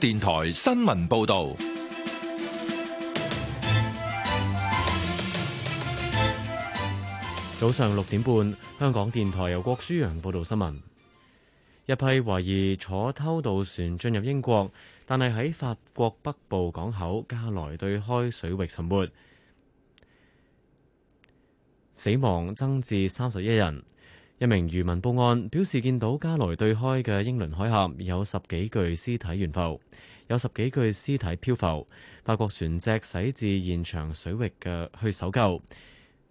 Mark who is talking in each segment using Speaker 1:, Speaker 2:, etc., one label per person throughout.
Speaker 1: 電台新聞報道：
Speaker 2: 早上六點半，香港電台由郭舒揚報道新聞。一批懷疑坐偷渡船進入英國，但係喺法國北部港口加來對開水域沉沒，死亡增至三十一人。一名漁民報案，表示見到加萊對開嘅英倫海峽有十幾具屍體懸浮，有十幾具屍體漂浮。法國船隻駛至現場水域嘅去搜救。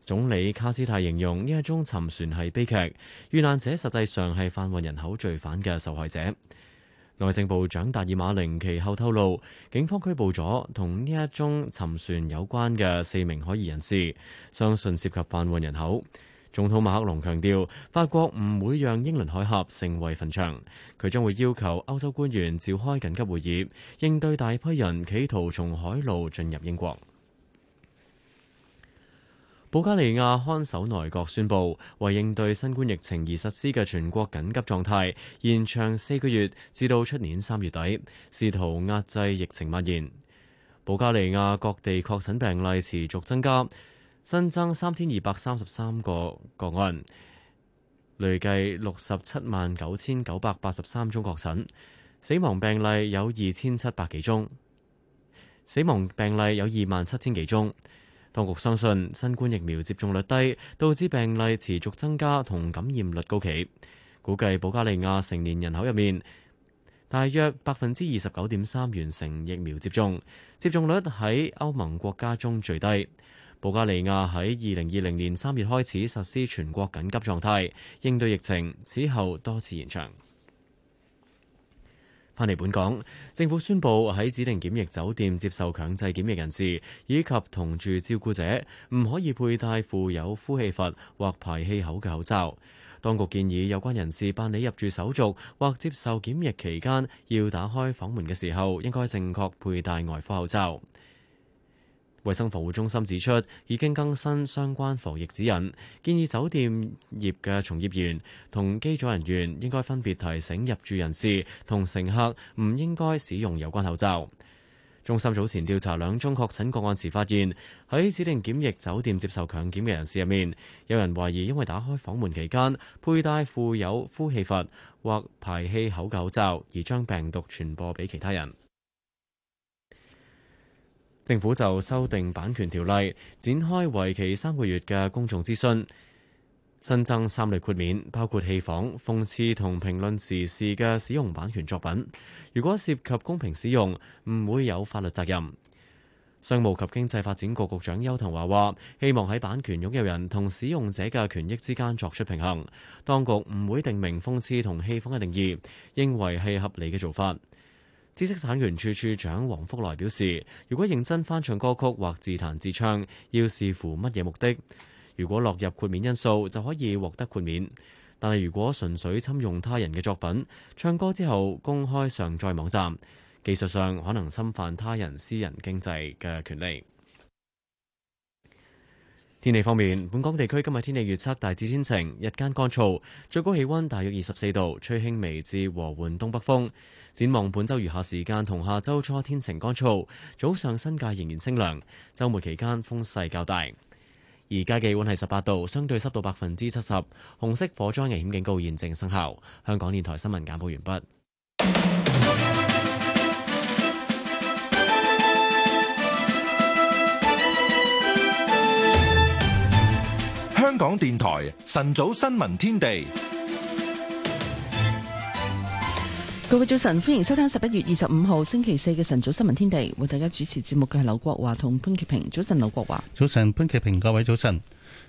Speaker 2: 總理卡斯泰形容呢一宗沉船係悲劇，遇難者實際上係販運人口罪犯嘅受害者。內政部長達爾馬寧其後透露，警方拘捕咗同呢一宗沉船有關嘅四名可疑人士，相信涉及販運人口。總統馬克龍強調，法國唔會讓英倫海峽成為墳場。佢將會要求歐洲官員召開緊急會議，應對大批人企圖從海路進入英國。保加利亞看守內閣宣布，為應對新冠疫情而實施嘅全國緊急狀態延長四個月，至到出年三月底，試圖壓制疫情蔓延。保加利亞各地確診病例持續增加。新增三千二百三十三個個案，累計六十七萬九千九百八十三宗確診，死亡病例有二千七百幾宗，死亡病例有二萬七千幾宗。當局相信新冠疫苗接種率低，導致病例持續增加同感染率高企。估計保加利亞成年人口入面大約百分之二十九點三完成疫苗接種，接種率喺歐盟國家中最低。保加利亞喺二零二零年三月開始實施全國緊急狀態，應對疫情，此後多次延長。翻嚟本港，政府宣布喺指定檢疫酒店接受強制檢疫人士以及同住照顧者唔可以佩戴附有呼氣閥或排氣口嘅口罩。當局建議有關人士辦理入住手續或接受檢疫期間，要打開房門嘅時候，應該正確佩戴外科口罩。衛生防護中心指出，已經更新相關防疫指引，建議酒店業嘅從業員同機組人員應該分別提醒入住人士同乘客，唔應該使用有關口罩。中心早前調查兩宗確診個案時，發現喺指定檢疫酒店接受強檢嘅人士入面，有人懷疑因為打開房門期間佩戴附有呼氣閥或排氣口口罩，而將病毒傳播俾其他人。政府就修訂版權條例，展開為期三個月嘅公眾諮詢。新增三類豁免，包括戲仿、諷刺同評論時事嘅使用版權作品。如果涉及公平使用，唔會有法律責任。商務及經濟發展局局長邱騰華話：希望喺版權擁有人同使用者嘅權益之間作出平衡。當局唔會定名「諷刺同戲仿」嘅定義，認為係合理嘅做法。知識產權處處長黃福來表示，如果認真翻唱歌曲或自彈自唱，要視乎乜嘢目的。如果落入豁免因素，就可以獲得豁免。但係如果純粹侵用他人嘅作品，唱歌之後公開上載網站，技術上可能侵犯他人私人經濟嘅權利。天氣方面，本港地區今日天氣預測大致天晴，日間乾燥，最高氣溫大約二十四度，吹輕微至和緩東北風。展望本週餘下時間同下週初天晴乾燥，早上新界仍然清涼，周末期間風勢較大。而家氣溫係十八度，相對濕度百分之七十，紅色火災危險警告現正生效。香港電台新聞簡報完畢。
Speaker 1: 香港電台晨早新聞天地。
Speaker 3: 各位早晨，歡迎收聽十一月二十五號星期四嘅晨早新聞天地。為大家主持節目嘅係劉國華同潘潔平。早晨，劉國華。
Speaker 4: 早晨，潘潔平。各位早晨。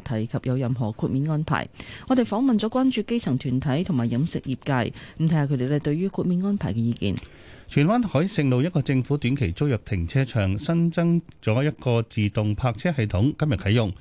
Speaker 3: 提及有任何豁免安排，我哋訪問咗關注基層團體同埋飲食業界，咁睇下佢哋呢對於豁免安排嘅意見。
Speaker 4: 荃灣海盛路一個政府短期租約停車場新增咗一個自動泊車系統，今日啟用。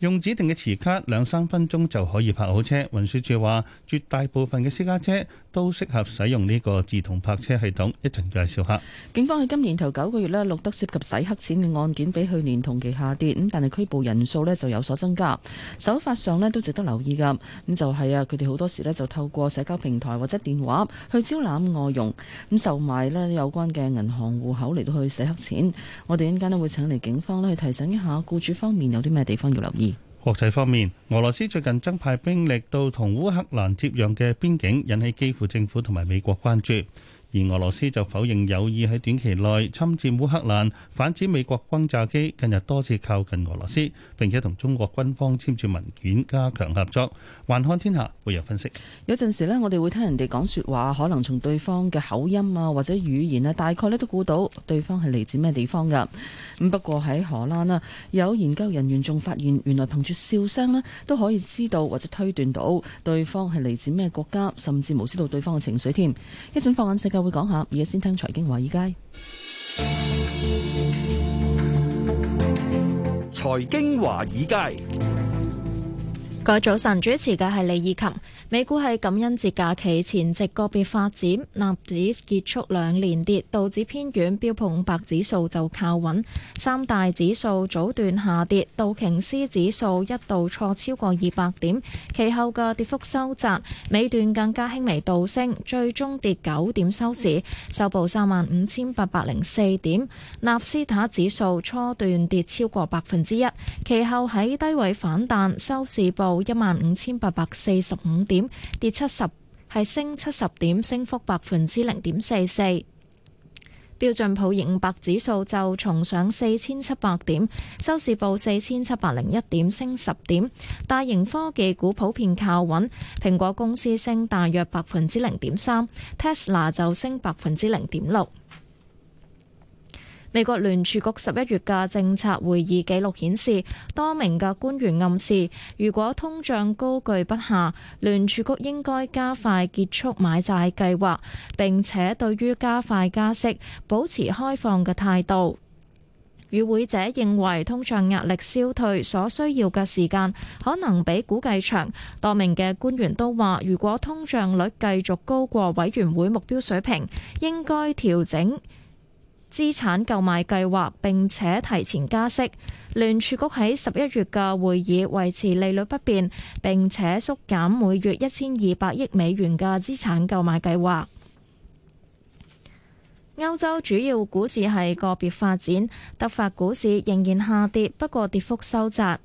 Speaker 4: 用指定嘅磁卡，兩三分鐘就可以泊好車。運輸處話，絕大部分嘅私家車都適合使用呢個自動泊車系統。一陣介紹下。
Speaker 3: 警方喺今年頭九個月咧，錄得涉及洗黑錢嘅案件比去年同期下跌，咁但係拘捕人數咧就有所增加。手法上咧都值得留意噶，咁就係啊，佢哋好多時咧就透過社交平台或者電話去招攬外傭，咁售賣咧有關嘅銀行戶口嚟到去洗黑錢。我哋一陣間都會請嚟警方咧去提醒一下雇主方面有啲咩地方要留意。
Speaker 4: 國際方面，俄羅斯最近增派兵力到同烏克蘭接壤嘅邊境，引起基輔政府同埋美國關注。而俄羅斯就否認有意喺短期內侵佔烏克蘭，反指美國轟炸機近日多次靠近俄羅斯，並且同中國軍方簽署文件加強合作。環看天下會有分析。
Speaker 3: 有陣時呢，我哋會聽人哋講説話，可能從對方嘅口音啊或者語言啊，大概呢都估到對方係嚟自咩地方㗎。咁不過喺荷蘭啊，有研究人員仲發現，原來憑住笑聲呢，都可以知道或者推斷到對方係嚟自咩國家，甚至無知道對方嘅情緒添。一陣放眼世界。我會講下，而家先聽財經華爾街。
Speaker 5: 財經華爾街，
Speaker 6: 個早晨主持嘅係李綺琴。美股係感恩節假期前夕個別發展，納指結束兩連跌，道指偏軟，標普五百指數就靠穩。三大指數早段下跌，道瓊斯指數一度挫超過二百點，其後嘅跌幅收窄，尾段更加輕微倒升，最終跌九點收市，收報三萬五千八百零四點。納斯達指數初段跌超過百分之一，其後喺低位反彈，收市報一萬五千八百四十五點。跌七十，係升七十點，升幅百分之零點四四。標準普爾五百指數就重上四千七百點，收市報四千七百零一點，升十點。大型科技股普遍靠穩，蘋果公司升大約百分之零點三，Tesla 就升百分之零點六。美國聯儲局十一月嘅政策會議記錄顯示，多名嘅官員暗示，如果通脹高居不下，聯儲局應該加快結束買債計劃，並且對於加快加息保持開放嘅態度。與會者認為，通脹壓力消退所需要嘅時間可能比估計長。多名嘅官員都話，如果通脹率繼續高過委員會目標水平，應該調整。資產購買計劃，並且提前加息。聯儲局喺十一月嘅會議維持利率不變，並且縮減每月一千二百億美元嘅資產購買計劃。歐洲主要股市係個別發展，德法股市仍然下跌，不過跌幅收窄。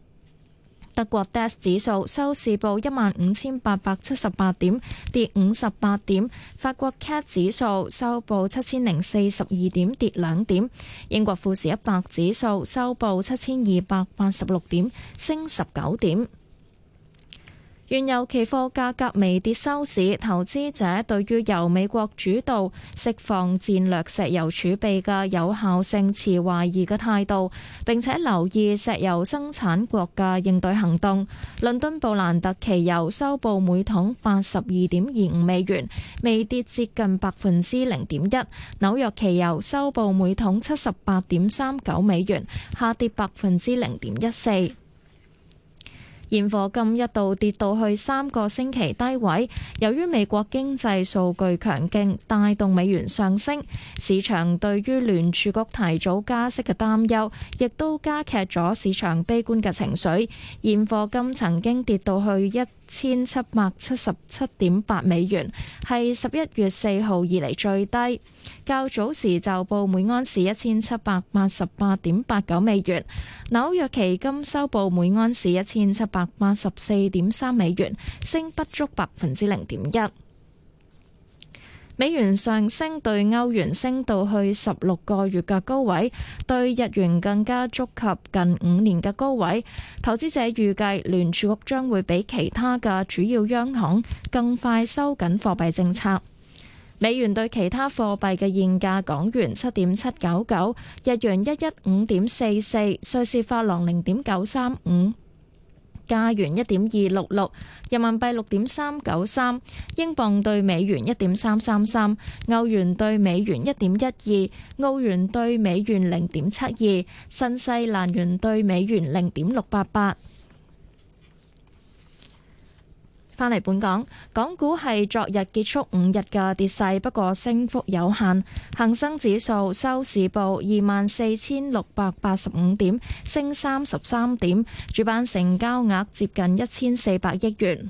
Speaker 6: 德國 DAX 指數收市報一萬五千八百七十八點，跌五十八點。法國 CAC 指數收報七千零四十二點，跌兩點。英國富時一百指數收報七千二百八十六點，升十九點。原油期貨價格微跌收市，投資者對於由美國主導釋放戰略石油儲備嘅有效性持懷疑嘅態度，並且留意石油生產國嘅應對行動，倫敦布蘭特期油收報每桶八十二點二五美元，微跌接近百分之零點一；紐約期油收報每桶七十八點三九美元，下跌百分之零點一四。現貨金一度跌到去三個星期低位，由於美國經濟數據強勁，帶動美元上升，市場對於聯儲局提早加息嘅擔憂，亦都加劇咗市場悲觀嘅情緒。現貨金曾經跌到去一。千七百七十七點八美元，係十一月四號以嚟最低。較早時就報每安士一千七百八十八點八九美元，紐約期金收報每安士一千七百八十四點三美元，升不足百分之零點一。美元上升，對歐元升到去十六個月嘅高位，對日元更加觸及近五年嘅高位。投資者預計聯儲局將會比其他嘅主要央行更快收緊貨幣政策。美元對其他貨幣嘅現價：港元七點七九九，日元一一五點四四，瑞士法郎零點九三五。加元一點二六六，6，人民幣六點三九三，英鎊對美元一點三三三，歐元對美元一點一二，澳元對美元零點七二，新西蘭元對美元零點六八八。返嚟本港，港股係昨日結束五日嘅跌勢，不過升幅有限。恒生指數收市報二萬四千六百八十五點，升三十三點。主板成交額接近一千四百億元。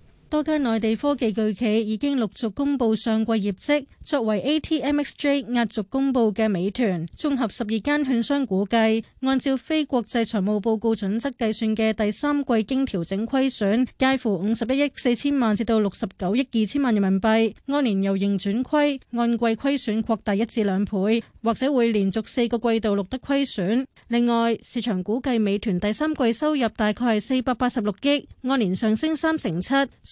Speaker 7: 多家內地科技巨企已經陸續公布上季業績，作為 ATMXJ 壓軸公布嘅美團，綜合十二間券商估計，按照非國際財務報告準則計算嘅第三季經調整虧損介乎五十一億四千萬至到六十九億二千萬人民幣，按年由盈轉虧，按季虧損擴大一至兩倍，或者會連續四個季度錄得虧損。另外，市場估計美團第三季收入大概係四百八十六億，按年上升三成七。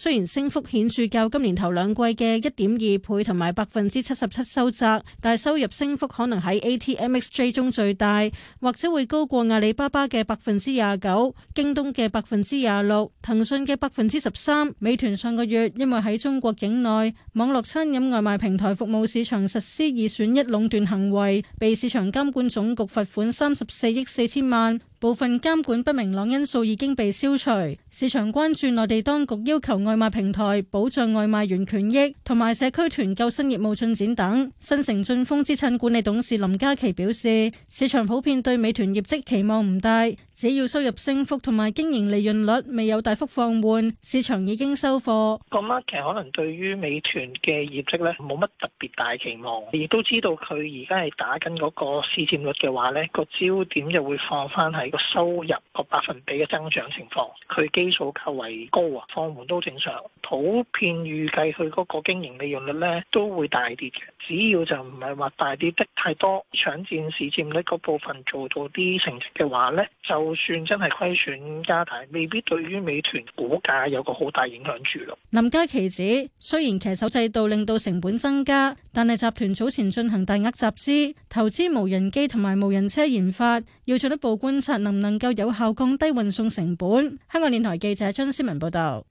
Speaker 7: 雖然升幅顯著，較今年頭兩季嘅一點二倍同埋百分之七十七收窄，但收入升幅可能喺 ATMXJ 中最大，或者會高過阿里巴巴嘅百分之廿九、京東嘅百分之廿六、騰訊嘅百分之十三。美團上個月因為喺中國境內網絡餐飲外賣平台服務市場實施二選一壟斷行為，被市場監管總局罰款三十四億四千萬。部分監管不明朗因素已經被消除，市場關注內地當局要求外賣平台保障外賣員權益同埋社區團購新業務進展等。新城駿豐資產管理董事林嘉琪表示，市場普遍對美團業績期望唔大。只要收入升幅同埋經營利潤率未有大幅放緩，市場已經收貨。
Speaker 1: 咁咧，其實可能對於美團嘅業績咧，冇乜特別大期望，亦都知道佢而家係打緊嗰個市佔率嘅話咧，個焦點就會放翻喺個收入個百分比嘅增長情況，佢基數較為高啊，放緩都正常。普遍預計佢嗰個經營利潤率咧都會大跌嘅，只要就唔係話大跌得太多，搶占市佔率嗰部分做到啲成績嘅話咧，就。就算真係虧損加大，未必對於美團股價有個好大影響住咯。
Speaker 7: 林家琪指，雖然騎手制度令到成本增加，但係集團早前進行大額集資投資無人機同埋無人車研發，要進一步觀察能唔能夠有效降低運送成本。香港電台記者張思文報道。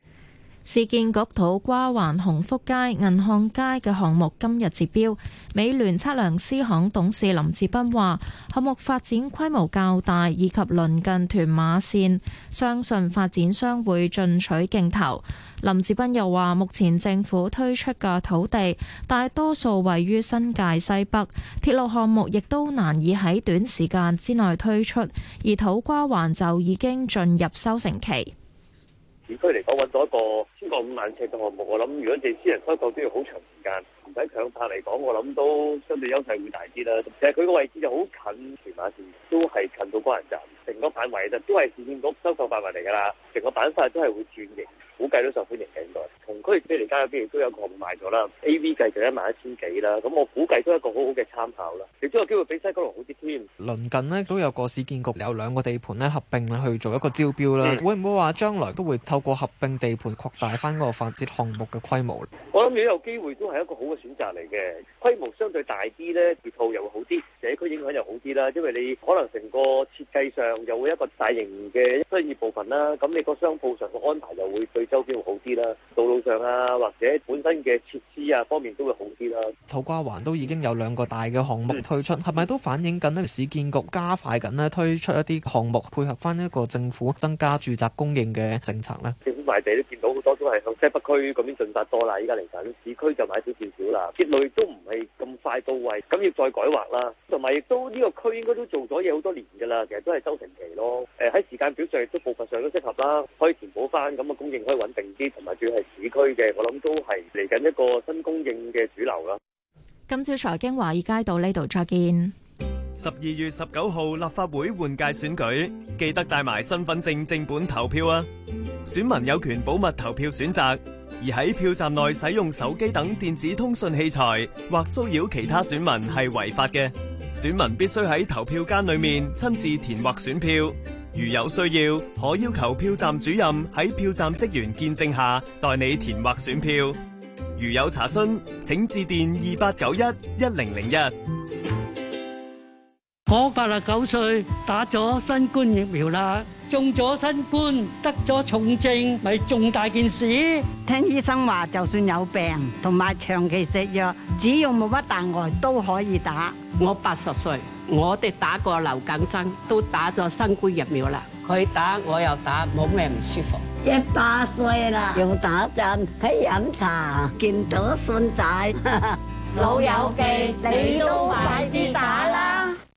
Speaker 7: 市建局土瓜灣鴻福街、銀行街嘅
Speaker 6: 項目今日截標。美聯測量師行董事林志斌話，項目發展規模較大，以及鄰近屯馬線，相信發展商會進取競投。林志斌又話，目前政府推出嘅土地，大多數位於新界西北，鐵路項目亦都難以喺短時間之內推出，而土瓜灣就已經進入收成期。
Speaker 5: 市區嚟講揾到一個超過五萬尺嘅項目，我諗如果你私人收購都要好長時間，唔使強拍嚟講，我諗都相對優勢會大啲啦。其實佢個位置就好近，屯馬線都係近到工人站，成個範圍就都係市建局收購範圍嚟㗎啦，成個板塊都係會轉型，估計都受歡迎嘅應該。同區車釐街入邊亦都有個賣咗啦，A V 計就一萬一千幾啦，咁我估計都係一個好好嘅參考啦。亦都有機會比西九龍好啲添。
Speaker 8: 鄰近
Speaker 9: 呢都有個市建局有兩個地盤咧合併去做一個招標啦，嗯、會唔會話將來都會透過合併地盤擴大翻嗰個發展項目嘅規模？
Speaker 5: 我諗如有機會都係一個好嘅選擇嚟嘅，規模相對大啲咧，配套又會好啲，社區影響又好啲啦。因為你可能成個設計上又會一個大型嘅商業部分啦，咁你個商鋪上嘅安排又會對周邊會好啲啦，道上啊，或者本身嘅設施啊方面都會好啲啦。
Speaker 9: 土瓜灣都已經有兩個大嘅項目推出，係咪、嗯、都反映緊咧？市建局加快緊咧推出一啲項目，配合翻一個政府增加住宅供應嘅政策呢？政
Speaker 5: 府賣地都見到好多都係向西北區嗰邊進發多啦，依家嚟緊市區就買少少少啦。截流都唔係咁快到位，咁要再改劃啦。同埋亦都呢、呢個區應該都做咗嘢好多年㗎啦，其實都係收成期咯。誒、呃、喺時間表上亦都部分上都適合啦，可以填補翻咁嘅供應可以穩定啲，同埋主要係市。區嘅，我諗都係嚟緊一個新供應嘅主流啦。
Speaker 6: 今朝財經華爾街到呢度再見。
Speaker 5: 十二月十九號立法會換屆選舉，記得帶埋身份證正本投票啊！選民有權保密投票選擇，而喺票站內使用手機等電子通訊器材或騷擾其他選民係違法嘅。選民必須喺投票間裏面親自填劃選票。如有需要，可要求票站主任喺票站職員見證下，代你填劃選票。如有查詢，請致電二八九一一零零
Speaker 10: 一。我八十九歲，打咗新冠疫苗啦。中咗新冠，得咗重症，
Speaker 11: 咪重大件事？聽醫生話，就算有病同埋長期食藥，只要冇乜大礙都可以打。我八十歲，我哋打過流感針，都打咗新冠疫苗啦。佢打，我又打，冇咩唔舒服。一百歲啦，又打針，去飲茶，見到孫仔，老友記，你都快啲打啦。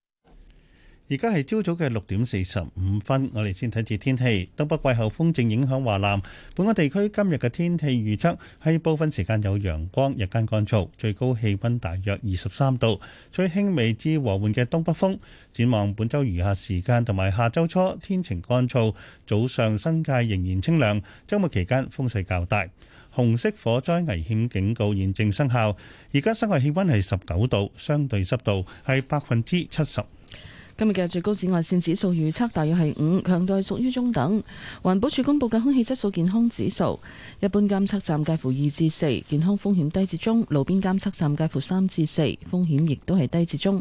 Speaker 4: 而家係朝早嘅六點四十五分，我哋先睇次天氣。東北季候風正影響華南本港地區，今日嘅天氣預測係部分時間有陽光，日間乾燥，最高氣温大約二十三度，吹輕微至和緩嘅東北風。展望本周餘下時間同埋下周初天晴乾燥，早上新界仍然清涼，周末期間風勢較大。紅色火災危險警告現正生效。而家室外氣温係十九度，相對濕度係百分之七十。
Speaker 3: 今日嘅最高紫外線指數預測大約係五，強度係屬於中等。環保署公佈嘅空氣質素健康指數，一般監測站介乎二至四，健康風險低至中；路邊監測站介乎三至四，風險亦都係低至中。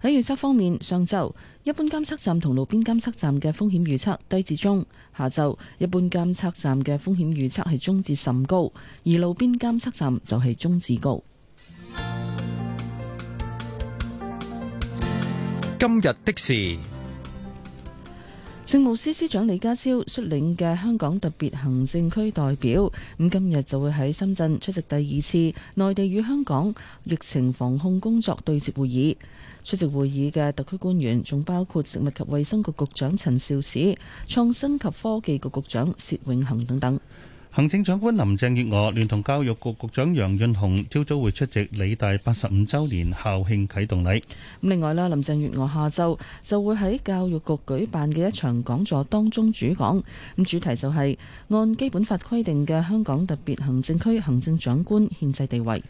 Speaker 3: 喺預測方面，上晝一般監測站同路邊監測站嘅風險預測低至中；下晝一般監測站嘅風險預測係中至甚高，而路邊監測站就係中至高。
Speaker 9: 今日的事，
Speaker 3: 政務司司長李家超率領嘅香港特別行政區代表，咁今日就會喺深圳出席第二次內地與香港疫情防控工作對接會議。出席會議嘅特區官員，仲包括食物及衛生局局長陳肇始、創新及科技局局長薛永恒等等。
Speaker 4: 行政長官林鄭月娥聯同教育局局長楊潤雄朝早會出席理大八十五周年校慶啟動禮。
Speaker 3: 咁另外啦，林鄭月娥下晝就會喺教育局舉辦嘅一場講座當中主講，咁主題就係按基本法規定嘅香港特別行政區行政長官憲制地位。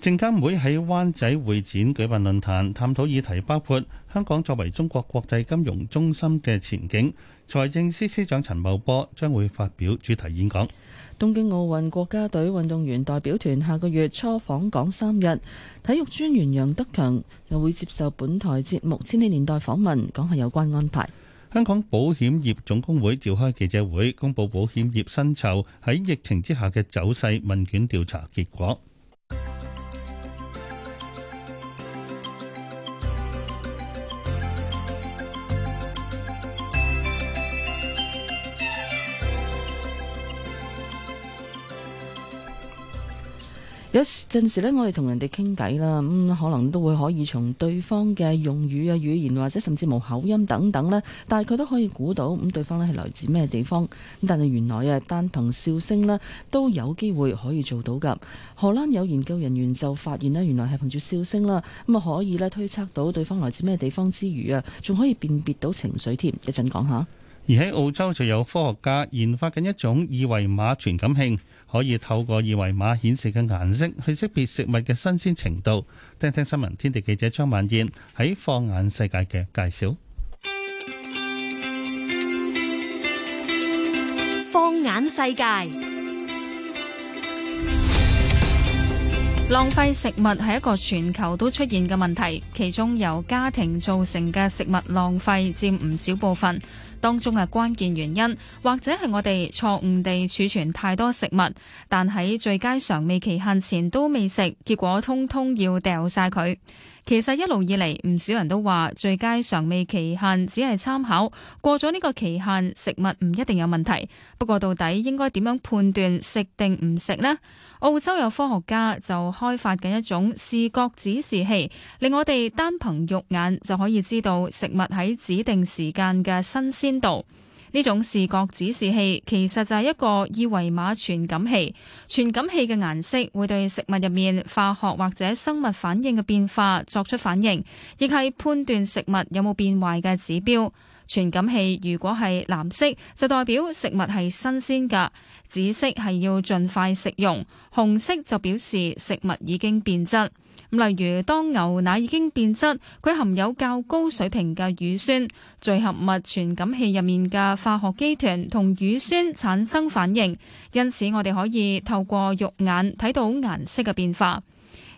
Speaker 4: 證監會喺灣仔會展舉辦論壇，探討議題包括香港作為中國國際金融中心嘅前景。財政司司長陳茂波將會發表主題演講。
Speaker 3: 東京奧運國家隊運動員代表團下個月初訪港三日，體育專員楊德強又會接受本台節目《千禧年代》訪問，講下有關安排。
Speaker 4: 香港保險業總工會召開記者會，公布保險業薪酬喺疫情之下嘅走勢問卷調查結果。
Speaker 3: 有陣、yes, 時呢，我哋同人哋傾偈啦，咁可能都會可以從對方嘅用語啊、語言或者甚至冇口音等等呢，大概都可以估到咁、嗯、對方呢係來自咩地方咁。但係原來啊，單憑笑聲呢都有機會可以做到噶。荷蘭有研究人員就發現呢，原來係憑住笑聲啦咁啊，可以呢推測到對方來自咩地方之餘啊，仲可以辨別到情緒添。一陣講下。
Speaker 4: 而喺澳洲就有科學家研發緊一種二維碼傳感器，可以透過二維碼顯示嘅顏色去識別食物嘅新鮮程度。聽聽新聞天地記者張萬燕喺《放眼世界》嘅介紹。
Speaker 10: 《放眼世界》，浪費
Speaker 12: 食物係一個全球都出現嘅問題，其中由家庭造成嘅食物浪費佔唔少部分。當中嘅關鍵原因，或者係我哋錯誤地儲存太多食物，但喺最佳賞味期限前都未食，結果通通要掉晒佢。其實一路以嚟，唔少人都話最佳賞味期限只係參考，過咗呢個期限，食物唔一定有問題。不過到底應該點樣判斷食定唔食呢？澳洲有科學家就開發緊一種視覺指示器，令我哋單憑肉眼就可以知道食物喺指定時間嘅新鮮度。呢種視覺指示器其實就係一個二維碼傳感器，傳感器嘅顏色會對食物入面化學或者生物反應嘅變化作出反應，亦係判斷食物有冇變壞嘅指標。傳感器如果係藍色，就代表食物係新鮮嘅；紫色係要盡快食用，紅色就表示食物已經變質。例如，當牛奶已經變質，佢含有較高水平嘅乳酸，聚合物傳感器入面嘅化學基團同乳酸產生反應，因此我哋可以透過肉眼睇到顏色嘅變化。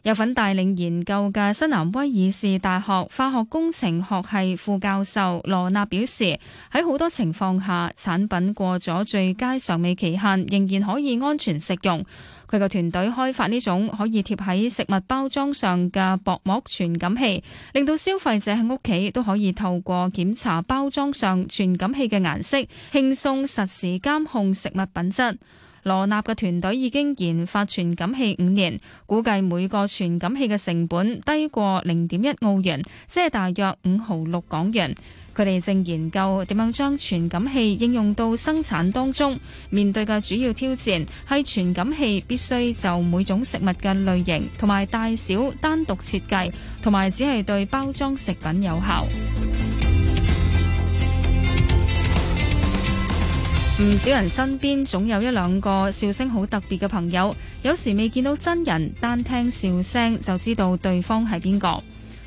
Speaker 12: 有份帶領研究嘅新南威爾士大學化學工程學系副教授羅納表示，喺好多情況下，產品過咗最佳賞味期限，仍然可以安全食用。佢個團隊開發呢種可以貼喺食物包裝上嘅薄膜傳感器，令到消費者喺屋企都可以透過檢查包裝上傳感器嘅顏色，輕鬆實時監控食物品質。羅納嘅團隊已經研發傳感器五年，估計每個傳感器嘅成本低過零點一澳元，即係大約五毫六港元。佢哋正研究點樣將傳感器應用到生產當中，面對嘅主要挑戰係傳感器必須就每種食物嘅類型同埋大小單獨設計，同埋只係對包裝食品有效。唔少人身邊總有一兩個笑聲好特別嘅朋友，有時未見到真人，單聽笑聲就知道對方係邊個。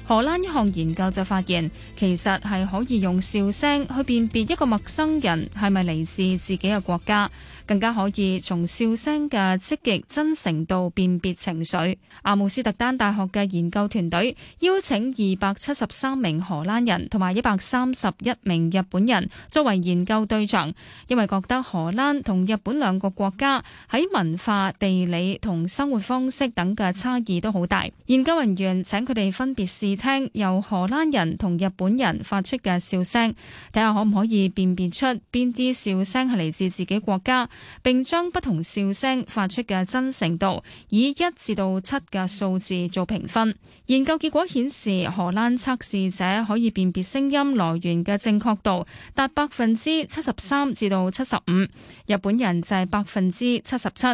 Speaker 12: 荷蘭一項研究就發現，其實係可以用笑聲去辨別一個陌生人係咪嚟自自己嘅國家。更加可以從笑聲嘅積極、真誠度辨別情緒。阿姆斯特丹大學嘅研究團隊邀請二百七十三名荷蘭人同埋一百三十一名日本人作為研究對象，因為覺得荷蘭同日本兩個國家喺文化、地理同生活方式等嘅差異都好大。研究人員請佢哋分別試聽由荷蘭人同日本人發出嘅笑聲，睇下可唔可以辨別出邊啲笑聲係嚟自自己國家。並將不同笑聲發出嘅真誠度以一至到七嘅數字做評分。研究結果顯示，荷蘭測試者可以辨別聲音來源嘅正確度達百分之七十三至到七十五，日本人就係百分之七十七。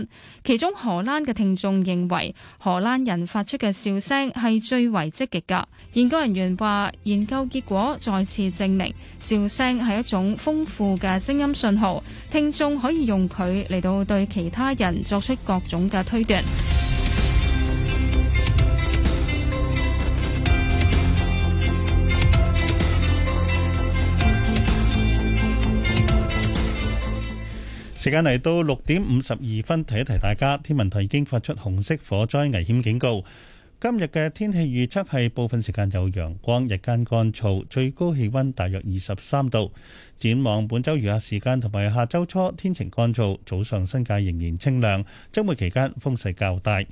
Speaker 12: 其中荷蘭嘅聽眾認為荷蘭人發出嘅笑聲係最為積極嘅。研究人員話，研究結果再次證明笑聲係一種豐富嘅聲音信號，聽眾可以用。佢嚟到對其他人作出各種嘅推斷。
Speaker 4: 時間嚟到六點五十二分，提一提大家，天文台已經發出紅色火災危險警告。今日嘅天氣預測係部分時間有陽光，日間乾燥，最高氣溫大約二十三度。展望本周餘下時間同埋下周初天晴乾燥，早上新界仍然清涼，周末期間風勢較大。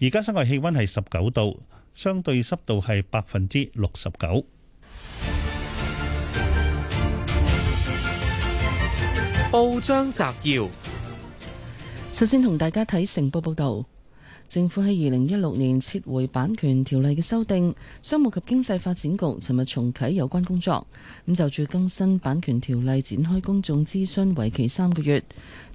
Speaker 4: 而家室外氣溫係十九度，相對濕度係百分之六十九。報章摘要，
Speaker 3: 首先同大家睇成報報道。政府喺二零一六年撤回版權條例嘅修訂，商務及經濟發展局尋日重啟有關工作，咁就住更新版權條例展開公眾諮詢，為期三個月。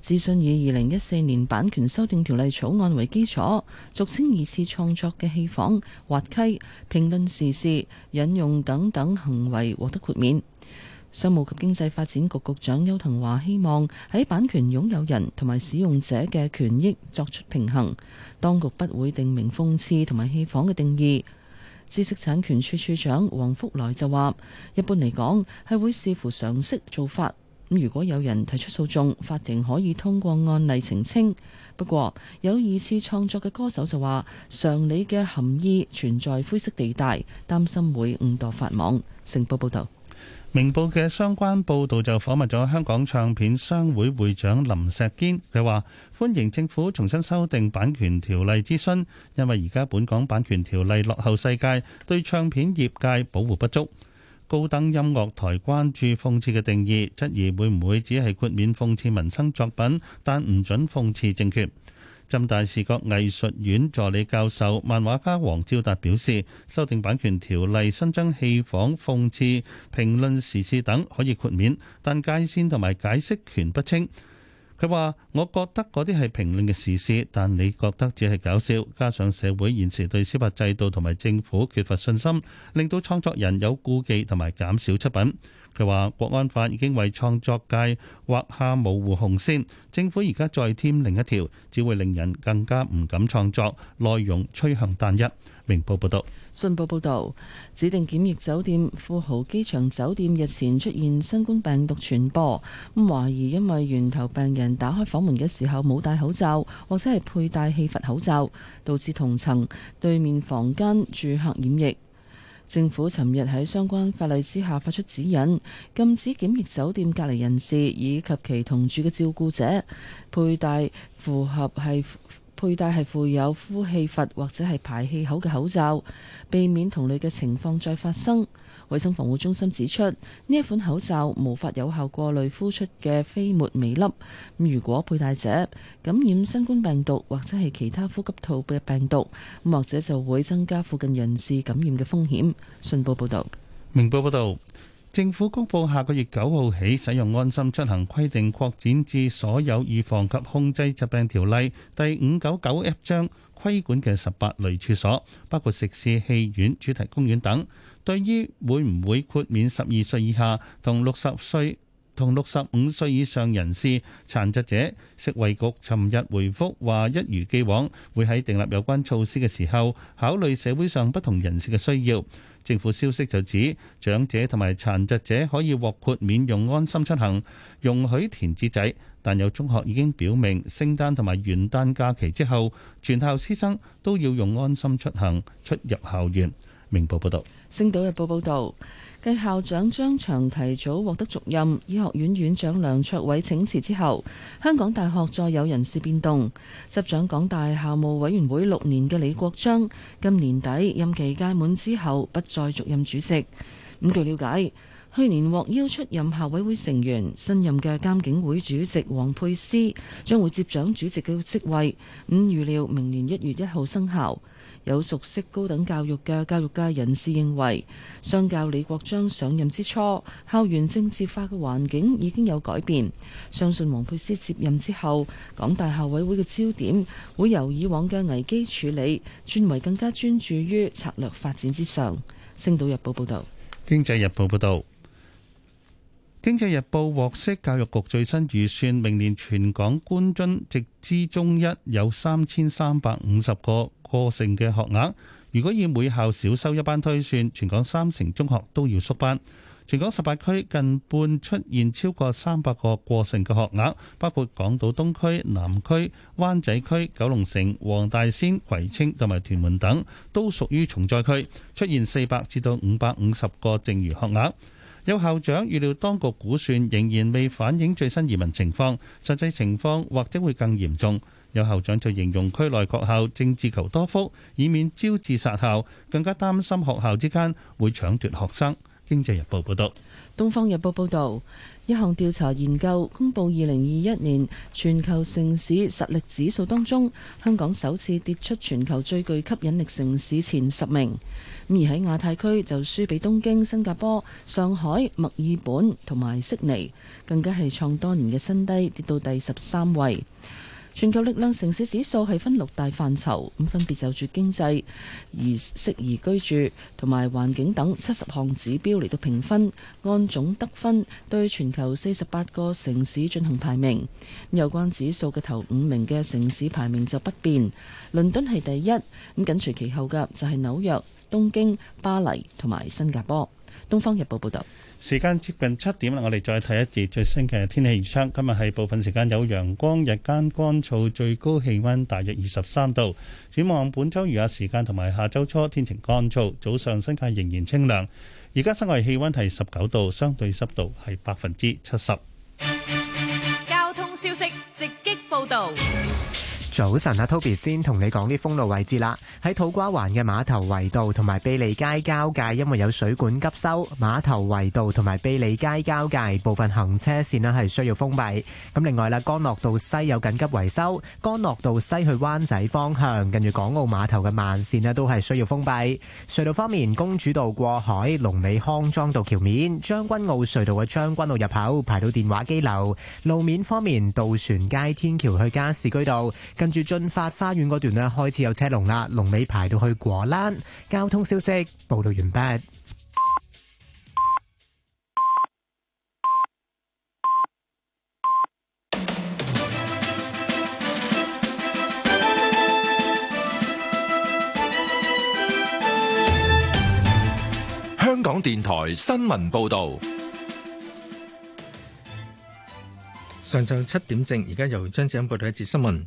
Speaker 3: 諮詢以二零一四年版權修訂條例草案為基礎，俗稱二次創作嘅戲仿、滑稽、評論時事、引用等等行為，獲得豁免。商務及經濟發展局局長邱騰華希望喺版權擁有人同埋使用者嘅權益作出平衡，當局不會定明「諷刺同埋戲仿」嘅定義。知識產權處處長黃福來就話：一般嚟講係會視乎常識做法，咁如果有人提出訴訟，法庭可以通過案例澄清。不過有二次創作嘅歌手就話：常理嘅含義存在灰色地帶，擔心會誤墮法網。成報報道。
Speaker 4: 明報嘅相關報導就訪問咗香港唱片商會會長林石堅，佢話歡迎政府重新修訂版權條例諮詢，因為而家本港版權條例落後世界，對唱片業界保護不足。高登音樂台關注諷刺嘅定義，質疑會唔會只係豁免諷刺民生作品，但唔準諷刺政權。浸大視覺藝術院助理教授、漫畫家黃照達表示，修訂版權條例新增戲仿、諷刺、評論時事等可以豁免，但界線同埋解釋權不清。佢話：我覺得嗰啲係評論嘅時事，但你覺得只係搞笑。加上社會現時對司法制度同埋政府缺乏信心，令到創作人有顧忌同埋減少出品。佢話：國安法已經為創作界劃下模糊紅線，政府而家再添另一條，只會令人更加唔敢創作，內容趨向單一。明報報道：
Speaker 3: 「信報報道，指定檢疫酒店富豪機場酒店日前出現新冠病毒傳播，咁懷疑因為源頭病人打開房門嘅時候冇戴口罩，或者係佩戴氣閥口罩，導致同層對面房間住客染疫。政府尋日喺相關法例之下發出指引，禁止檢疫酒店隔離人士以及其同住嘅照顧者佩戴符合係佩戴係附有呼氣閥或者係排氣口嘅口罩，避免同類嘅情況再發生。衛生防護中心指出，呢一款口罩無法有效過濾呼出嘅飛沫微粒。咁如果佩戴者感染新冠病毒或者係其他呼吸道嘅病毒，咁或者就會增加附近人士感染嘅風險。信報報道，
Speaker 4: 明報報道，政府公布下個月九號起，使用安心出行規定擴展至所有預防及控制疾病條例第五九九 F 章規管嘅十八類處所，包括食肆、戲院、主題公園等。對於會唔會豁免十二歲以下同六十歲同六十五歲以上人士殘疾者，食衞局尋日回覆話，一如既往會喺訂立有關措施嘅時候考慮社會上不同人士嘅需要。政府消息就指長者同埋殘疾者可以獲豁免用安心出行，容許填字仔，但有中學已經表明聖誕同埋元旦假期之後，全校師生都要用安心出行出入校園。明報報導。
Speaker 3: 星島日報報道，繼校長張翔提早獲得續任，醫學院院長梁卓偉請辭之後，香港大學再有人事變動。執掌港大校務委員會六年嘅李國章，今年底任期屆滿之後，不再續任主席。咁據了解，去年獲邀出任校委會成員，新任嘅監警會主席王沛詩將會接掌主席嘅職位。咁預料明年一月一號生效。有熟悉高等教育嘅教育界人士認為，相較李國章上任之初，校園政治化嘅環境已經有改變。相信黃佩斯接任之後，港大校委會嘅焦點會由以往嘅危機處理，轉為更加專注於策略發展之上。星報報《星島日報》報道，
Speaker 4: 《經濟日報》報道，《經濟日報》獲悉，教育局最新預算，明年全港官津直資中一有三千三百五十個。過剩嘅學額，如果以每校少收一班推算，全港三成中學都要縮班。全港十八區近半出現超過三百個過剩嘅學額，包括港島東區、南區、灣仔區、九龍城、黃大仙、葵青同埋屯門等，都屬於重災區，出現四百至到五百五十個剩餘學額。有校長預料，當局估算仍然未反映最新移民情況，實際情況或者會更嚴重。有校長就形容區內學校正自求多福，以免招致殺校，更加擔心學校之間會搶奪學生。經濟日報報道，
Speaker 3: 東方日報報道，一項調查研究公布，二零二一年全球城市實力指數當中，香港首次跌出全球最具吸引力城市前十名。而喺亞太區就輸俾東京、新加坡、上海、墨爾本同埋悉尼，更加係創多年嘅新低，跌到第十三位。全球力量城市指數係分六大範疇，咁分別就住經濟、而適宜居住同埋環境等七十項指標嚟到評分，按總得分對全球四十八個城市進行排名。咁有關指數嘅頭五名嘅城市排名就不變，倫敦係第一，咁緊隨其後嘅就係紐約、東京、巴黎同埋新加坡。《東方日報》報道。時間
Speaker 4: 接近七點啦，我哋再睇一節最新嘅天氣預測。今日係部分時間有陽光，日間乾燥，最高氣溫大約二十三度。展望本周餘下時間同埋下周初天晴乾燥，早上新界仍然清涼。而家室外氣溫係十九度，相
Speaker 8: 對濕度係百分之七十。
Speaker 10: 交通消息直擊報道。
Speaker 8: 早晨啊，Toby 先同你講啲封路位置啦。喺土瓜灣嘅馬頭圍道同埋庇利街交界，因為有水管急修，馬頭圍道同埋庇利街交界部分行車線咧係需要封閉。咁另外啦，干諾道西有緊急維修，干諾道西去灣仔方向，近住港澳碼頭嘅慢線咧都係需要封閉。隧道方面，公主道過海、龍尾康莊道橋面、將軍澳隧道嘅將軍澳入口排到電話機樓。路面方面，渡船街天橋去加士居道。跟住駿發花園嗰段咧開始有車龍啦，龍尾排到去果欄。交通消息報道完畢。
Speaker 1: 香港電台新聞報道，
Speaker 13: 上晝七點正，而家由張子欣報道一節新聞。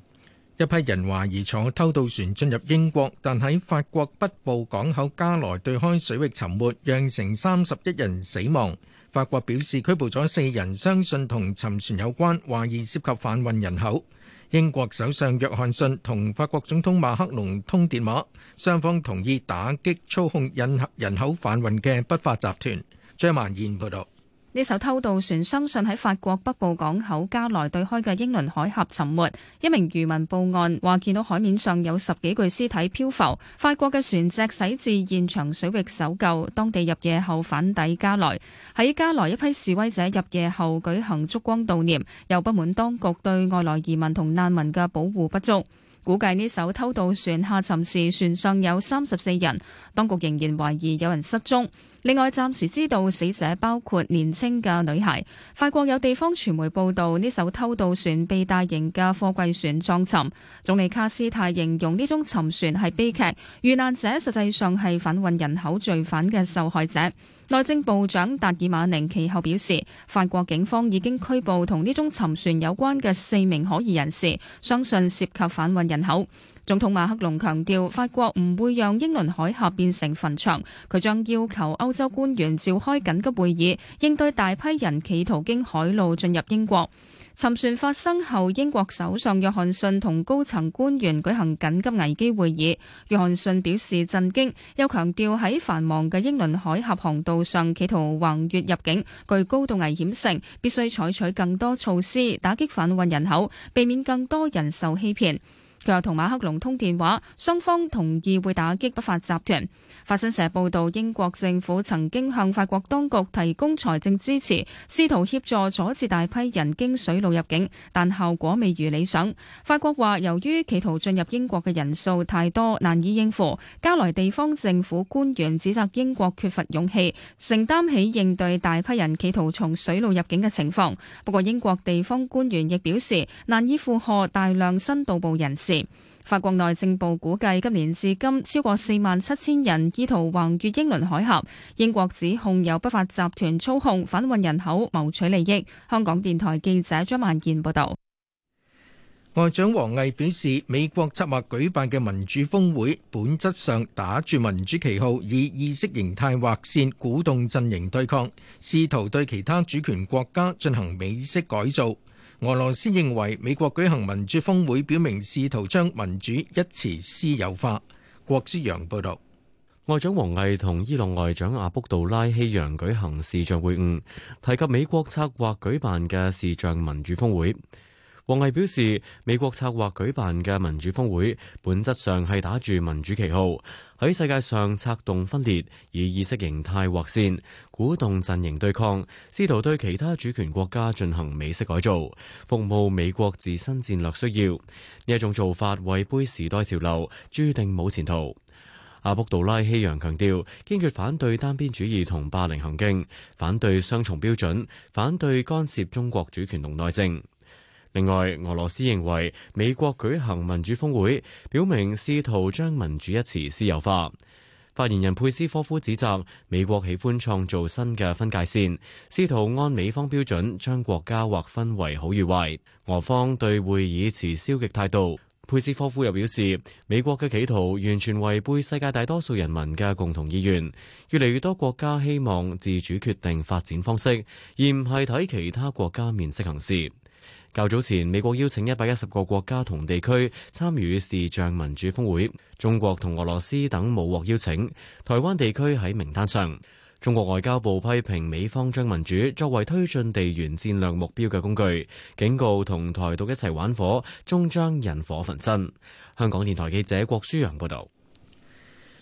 Speaker 13: 一批人懷疑坐偷渡船進入英國，但喺法國北部港口加來對開水域沉沒，釀成三十一人死亡。法國表示拘捕咗四人，相信同沉船有關，懷疑涉及販運人口。英國首相約翰遜同法國總統馬克龍通電話，雙方同意打擊操控引人口販運嘅不法集團。張曼燕報道。
Speaker 12: 呢艘偷渡船相信喺法國北部港口加萊對開嘅英倫海峽沉沒。一名漁民報案話見到海面上有十幾具屍體漂浮。法國嘅船隻駛至現場水域搜救。當地入夜後返抵加萊，喺加萊一批示威者入夜後舉行燭光悼念，又不滿當局對外來移民同難民嘅保護不足。估計呢艘偷渡船下沉時，船上有三十四人，當局仍然懷疑有人失蹤。另外，暫時知道死者包括年輕嘅女孩。法國有地方傳媒報道，呢艘偷渡船被大型嘅貨櫃船撞沉。總理卡斯泰形容呢宗沉船係悲劇，遇難者實際上係販運人口罪犯嘅受害者。內政部長達爾馬寧其後表示，法國警方已經拘捕同呢宗沉船有關嘅四名可疑人士，相信涉及販運人口。總統馬克龍強調，法國唔會讓英倫海峽變成墳場，佢將要求歐洲官員召開緊急會議，應對大批人企圖經海路進入英國。沉船發生後，英國首相約翰遜同高層官員舉行緊急危機會議。約翰遜表示震驚，又強調喺繁忙嘅英倫海峽航道上，企圖橫越入境，具高度危險性，必須採取更多措施打擊販運人口，避免更多人受欺騙。佢又同馬克龍通電話，雙方同意會打擊不法集團。法新社報道，英國政府曾經向法國當局提供財政支持，試圖協助阻止大批人經水路入境，但效果未如理想。法國話，由於企圖進入英國嘅人數太多，難以應付。加來地方政府官員指責英國缺乏勇氣，承擔起應對大批人企圖從水路入境嘅情況。不過英國地方官員亦表示，難以負荷大量新抵埗人士。法國內政部估計，今年至今超過四萬七千人，意圖橫越英倫海峽。英國指控有不法集團操控反運人口，謀取利益。香港電台記者張萬健報道。
Speaker 13: 外長王毅表示，美國策劃舉辦嘅民主峰會，本質上打住民主旗號，以意識形態劃線，鼓動陣營對抗，試圖對其他主權國家進行美式改造。俄羅斯認為美國舉行民主峰會，表明試圖將民主一詞私有化。郭舒陽報道，
Speaker 2: 外長王毅同伊朗外長阿卜杜拉希揚舉行視像會晤，提及美國策劃舉辦嘅視像民主峰會。王毅表示，美國策劃舉辦嘅民主峰會，本質上係打住民主旗號喺世界上策動分裂，以意識形態劃線，鼓動陣營對抗，試圖對其他主權國家進行美式改造，服務美國自身戰略需要。呢一種做法違背時代潮流，注定冇前途。阿卜杜拉希揚強調，堅決反對單邊主義同霸凌行徑，反對雙重標準，反對干涉中國主權同內政。另外，俄羅斯認為美國舉行民主峰會，表明試圖將民主一詞私有化。發言人佩斯科夫指責美國喜歡創造新嘅分界線，試圖按美方標準將國家劃分為好與壞。俄方對會議持消極態度。佩斯科夫又表示，美國嘅企圖完全違背世界大多數人民嘅共同意願。越嚟越多國家希望自主決定發展方式，而唔係睇其他國家面色行事。較早前，美國邀請一百一十個國家同地區參與視像民主峰會，中國同俄羅斯等冇獲邀請，台灣地區喺名單上。中國外交部批評美方將民主作為推進地緣戰略目標嘅工具，警告同台獨一齊玩火，終將引火焚身。香港電台記者郭舒揚報道。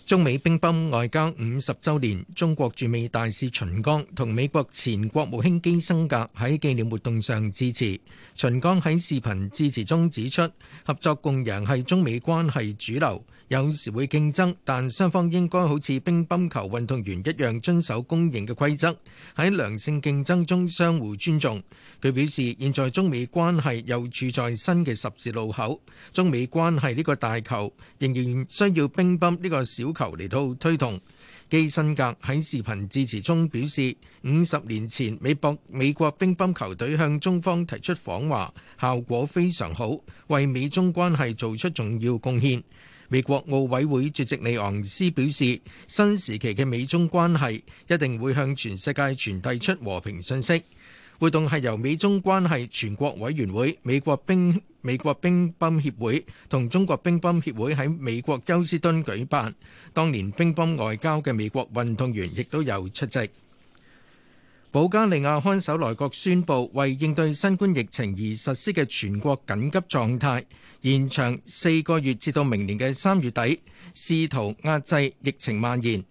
Speaker 2: 中
Speaker 13: 美乒乓外交五十周年，中國駐美大使秦剛同美國前國務卿基辛格喺紀念活動上致辭，秦剛喺視頻致辭中指出，合作共贏係中美關係主流。有時會競爭，但雙方應該好似乒乓球運動員一樣遵守公認嘅規則，喺良性競爭中相互尊重。佢表示，現在中美關係又處在新嘅十字路口，中美關係呢個大球仍然需要乒乓呢個小球嚟到推動。基辛格喺視頻致辭中表示，五十年前美國美國乒乓球隊向中方提出訪華，效果非常好，為美中關係做出重要貢獻。美國奧委會主席李昂斯表示，新時期嘅美中關係一定會向全世界傳遞出和平信息。活動係由美中關係全國委員會、美國乒美國乒乓協會同中國乒乓協會喺美國休斯敦舉辦。當年乒乓外交嘅美國運動員亦都有出席。保加利亞看守內閣宣布，為應對新冠疫情而實施嘅全國緊急狀態延長四個月，至到明年嘅三月底，試圖壓制疫情蔓延。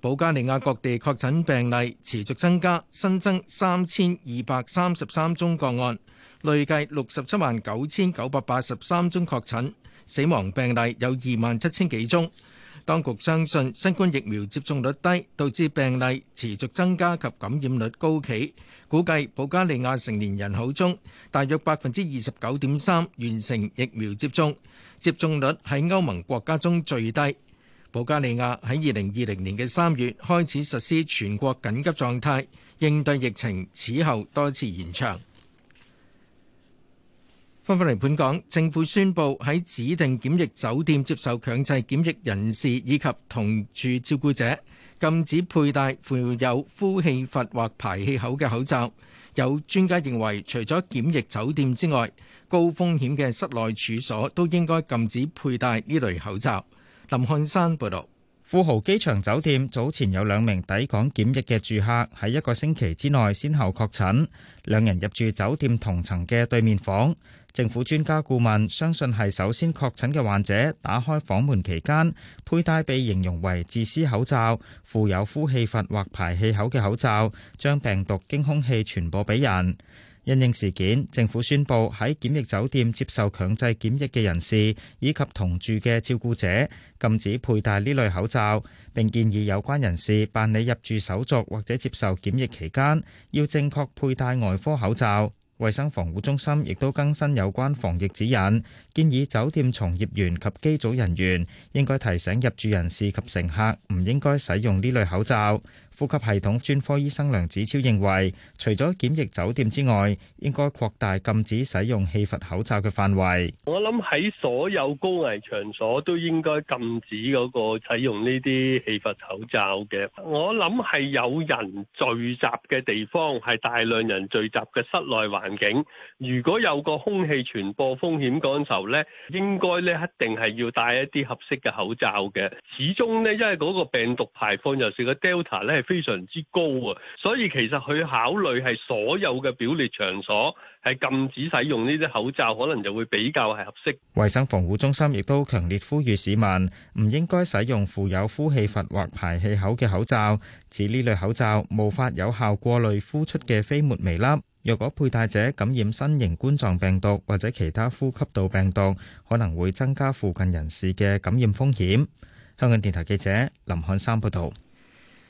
Speaker 13: 保加利亞各地確診病例持續增加，新增三千二百三十三宗個案，累計六十七萬九千九百八十三宗確診，死亡病例有二萬七千幾宗。當局相信新冠疫苗接種率低，導致病例持續增加及感染率高企。估計保加利亞成年人口中大約百分之二十九點三完成疫苗接種，接種率喺歐盟國家中最低。保加利亞喺二零二零年嘅三月開始實施全國緊急狀態，應對疫情，此後多次延長。翻返嚟本港，政府宣布喺指定檢疫酒店接受強制檢疫人士以及同住照顧者禁止佩戴附有呼氣閥或排氣口嘅口罩。有專家認為除咗檢疫酒店之外，高風險嘅室內
Speaker 14: 處所都應該禁止佩戴呢類口罩。林漢山報道。富豪機場酒店早前有兩名抵港檢疫嘅住客喺一個星期之內先後確診，兩人入住酒店同層嘅對面房。政府專家顧問相信係首先確診嘅患者打開房門期間，佩戴被形容為自私口罩、附有呼氣閥或排氣口嘅口罩，將病毒經空氣傳播俾人。因應事件，政府宣布喺檢疫酒店接受強制檢疫嘅人士以及同住嘅照顧者禁止佩戴呢類口罩，並建議有關人士辦理入住手續或者接受檢疫期間要正確佩戴外科口罩。衛生防護中心亦都更新有關防疫指引，建議酒店從業員及機組人員應該提醒入住人士及乘客唔應該使用呢類口罩。呼吸系統專科醫生梁子超認為，除咗檢疫酒店之外，應該擴大禁止使用氣閥口罩嘅範圍。我
Speaker 5: 諗喺所有高危場所都應該禁止嗰個使用呢啲氣閥口罩嘅。我諗係有人聚集嘅地方，係大量人聚集嘅室內環境，如果有個空氣傳播風險嗰陣時候咧，應該咧一定係要戴一啲合適嘅口罩嘅。始終咧，因為嗰個病毒排放，尤其是個 Delta 咧。非常之高啊！所以其實佢考慮係所有嘅表列場所係禁止使用呢啲口罩，可能就會比較係合
Speaker 14: 適。衞生防護中心亦都強烈呼籲市民唔應該使用附有呼氣閥或排氣口嘅口罩，指呢類口罩無法有效過濾呼出嘅飛沫微粒。若果佩戴者感染新型冠狀病毒或者其他呼吸道病毒，可能會增加附近人士嘅感染風險。香港電台記者林漢山報道。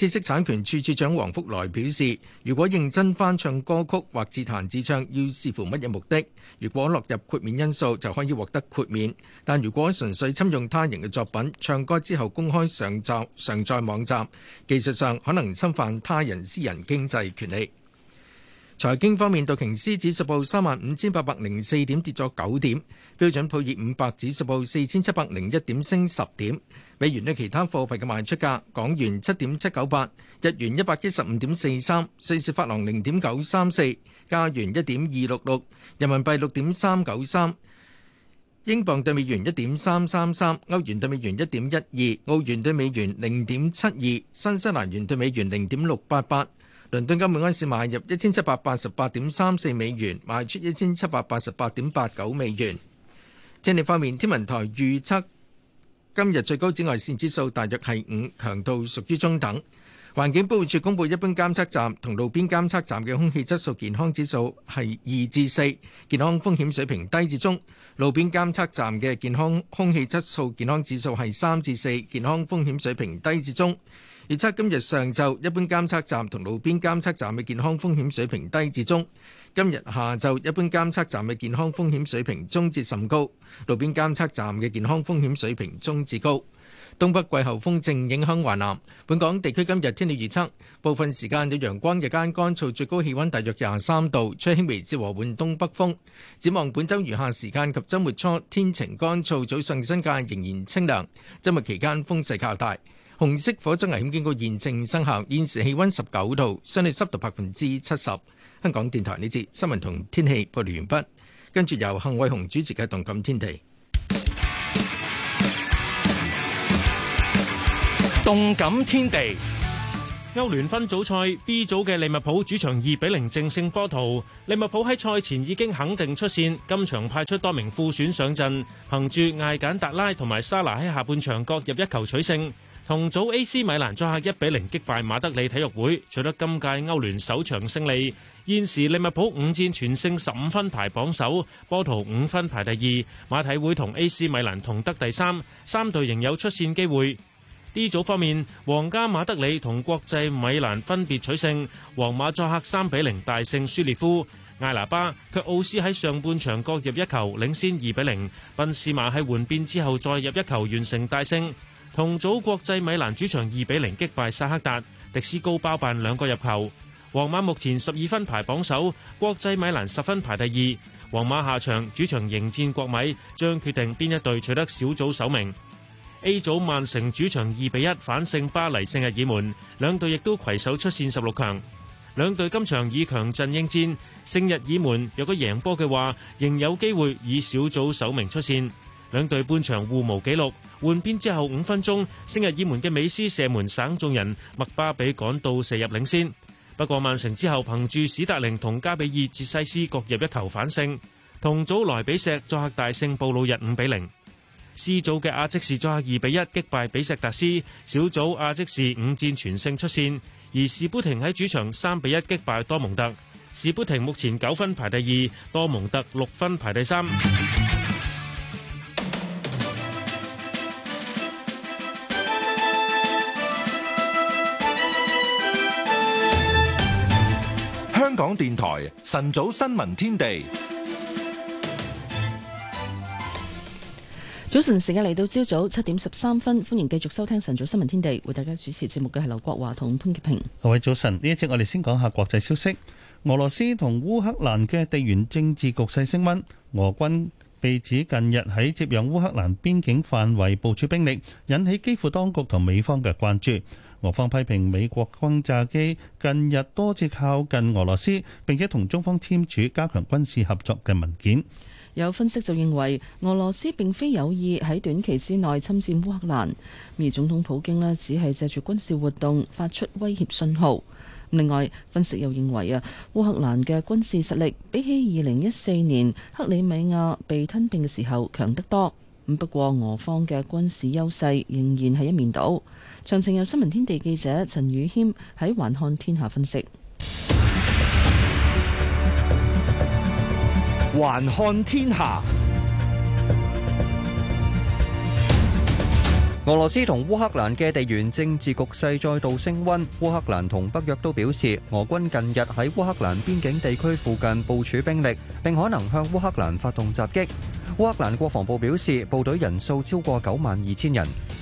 Speaker 13: 知識產權處處長黃福來表示，如果認真翻唱歌曲或自彈自唱，要視乎乜嘢目的。如果落入豁免因素，就可以獲得豁免。但如果純粹侵用他人嘅作品，唱歌之後公開上載上載網站，技術上可能侵犯他人私人經濟權利。財經方面，道瓊斯指數報三萬五千八百零四點，跌咗九點；標準普爾五百指數報四千七百零一點，升十點。美元對其他貨幣嘅賣出價：港元七點七九八，日元一百一十五點四三，瑞士法郎零點九三四，加元一點二六六，人民幣六點三九三，英鎊對美元一點三三三，歐元對美元一點一二，澳元對美元零點七二，新西蘭元對美元零點六八八。倫敦金本安士買入一千七百八十八點三四美元，賣出一千七百八十八點八九美元。天氣方面，天文台預測今日最高紫外線指數大約係五，強度屬於中等。環境保護署公佈，一般監測站同路邊監測站嘅空氣質素健康指數係二至四，健康風險水平低至中。路邊監測站嘅健康空氣質素健康指數係三至四，健康風險水平低至中。預測今日上晝一般監測站同路邊監測站嘅健康風險水平低至中。今日下晝一般監測站嘅健康風險水平中至甚高，路邊監測站嘅健康風險水平中至高。東北季候風正影響華南，本港地區今日天氣預測部分時間有陽光，日間乾燥，最高氣溫大約廿三度，吹輕微至和緩東北風，展望本周餘下時間及周末初天晴乾燥，早上新界仍然清涼，周末期間風勢較大。紅色火災危險警告現正生效。現時氣溫十九度，相對濕度百分之七十。香港電台呢節新聞同天氣報道完畢。跟住由幸偉雄主持嘅《動感天地》。
Speaker 15: 動感天地，歐聯分組賽 B 組嘅利物浦主場二比零正勝波圖。利物浦喺賽前已經肯定出線，今場派出多名副選上陣，憑住艾簡達拉同埋莎拿喺下半場各入一球取勝。同組 A.C. 米蘭作客一比零擊敗馬德里體育會，取得今屆歐聯首場勝利。現時利物浦五戰全勝十五分排榜首，波圖五分排第二，馬體會同 A.C. 米蘭同得第三，三隊仍有出線機會。D 組方面，皇家馬德里同國際米蘭分別取勝，皇馬作客三比零大勝舒列夫，艾拿巴卻奧斯喺上半場各入一球領先二比零，賓士馬喺換變之後再入一球完成大勝。同組國際米蘭主場二比零擊敗薩克達，迪斯高包辦兩個入球。皇馬目前十二分排榜首，國際米蘭十分排第二。皇馬下場主場迎戰國米，將決定邊一隊取得小組首名。A 組曼城主場二比一反勝巴黎聖日耳門，兩隊亦都攜手出線十六強。兩隊今場以強陣應戰，聖日耳門若果贏波嘅話，仍有機會以小組首名出線。兩隊半場互無紀錄。換邊之後五分鐘，聖日耳門嘅美斯射門省眾，省眾人麥巴比趕到射入領先。不過曼城之後憑住史達靈同加比爾捷西斯各入一球反勝，同組，萊比錫作客大勝布魯日五比零。C 組嘅阿積士作客二比一擊敗比石達斯，小組阿積士五戰全勝出線。而士砵亭喺主場三比一擊敗多蒙特，士砵亭目前九分排第二，多蒙特六分排第三。
Speaker 1: 港電台晨早新聞天地，
Speaker 3: 早晨時間嚟到朝早七點十三分，歡迎繼續收聽晨早新聞天地，為大家主持節目嘅係劉國華同潘潔平。
Speaker 4: 各位早晨，呢一節我哋先講下國際消息，俄羅斯同烏克蘭嘅地緣政治局勢升温，俄軍被指近日喺接壤烏克蘭邊境範圍部署兵力，引起基輔當局同美方嘅關注。俄方批評美國轟炸機近日多次靠近俄羅斯，並且同中方簽署加強軍事合作嘅文件。
Speaker 3: 有分析就認為，俄羅斯並非有意喺短期之內侵佔烏克蘭，而總統普京呢只係借住軍事活動發出威脅信號。另外，分析又認為啊，烏克蘭嘅軍事實力比起二零一四年克里米亞被吞併嘅時候強得多。不過，俄方嘅軍事優勢仍然係一面倒。詳情由新聞天地記者陳宇謙喺《還看天下》分析，
Speaker 1: 《還看天下》。
Speaker 9: 俄羅斯同烏克蘭嘅地緣政治局勢再度升温，烏克蘭同北約都表示，俄軍近日喺烏克蘭邊境地區附近部署兵力，並可能向烏克蘭發動襲擊。烏克蘭國防部表示，部隊人數超過九萬二千人。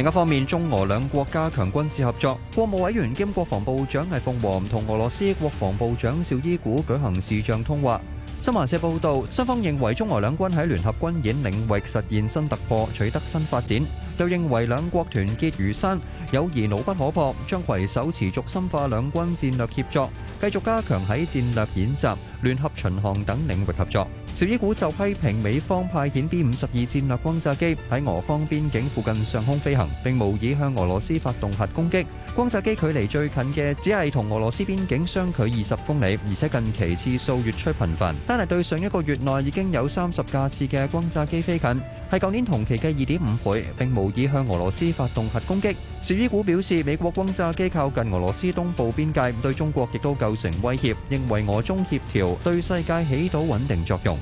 Speaker 9: 另一方面，中俄兩國加強軍事合作。國務委員兼國防部長魏鳳凰同俄羅斯國防部長紹伊古舉行視像通話。新華社報道，雙方認為中俄兩軍喺聯合軍演領域實現新突破，取得新發展。又認為兩國團結如山，友誼牢不可破，將攜手持續深化兩軍戰略協作，繼續加強喺戰略演習、聯合巡航等領域合作。紹伊古就批評美方派遣 B 五十二戰略轟炸機喺俄方邊境附近上空飛行，並無意向俄羅斯發動核攻擊。轟炸機距離最近嘅只係同俄羅斯邊境相距二十公里，而且近期次數越趨頻繁。單係對上一個月內已經有三十架次嘅轟炸機飛近，係舊年同期嘅二點五倍，並無意向俄羅斯發動核攻擊。紹伊古表示，美國轟炸機靠近俄羅斯東部邊界，對中國亦都構成威脅，認為俄中協調對世界起到穩定作用。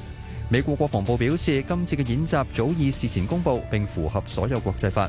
Speaker 9: 美國國防部表示，今次嘅演習早已事前公佈，並符合所有國際法。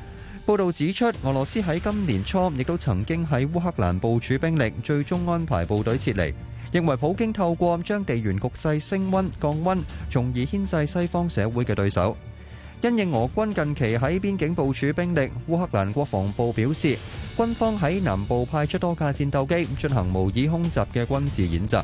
Speaker 9: 報道指出，俄羅斯喺今年初亦都曾經喺烏克蘭部署兵力，最終安排部隊撤離。認為普京透過將地緣局勢升温、降温，從而牽制西方社會嘅對手。因應俄軍近期喺邊境部署兵力，烏克蘭國防部表示，軍方喺南部派出多架戰鬥機進行模擬空襲嘅軍事演習。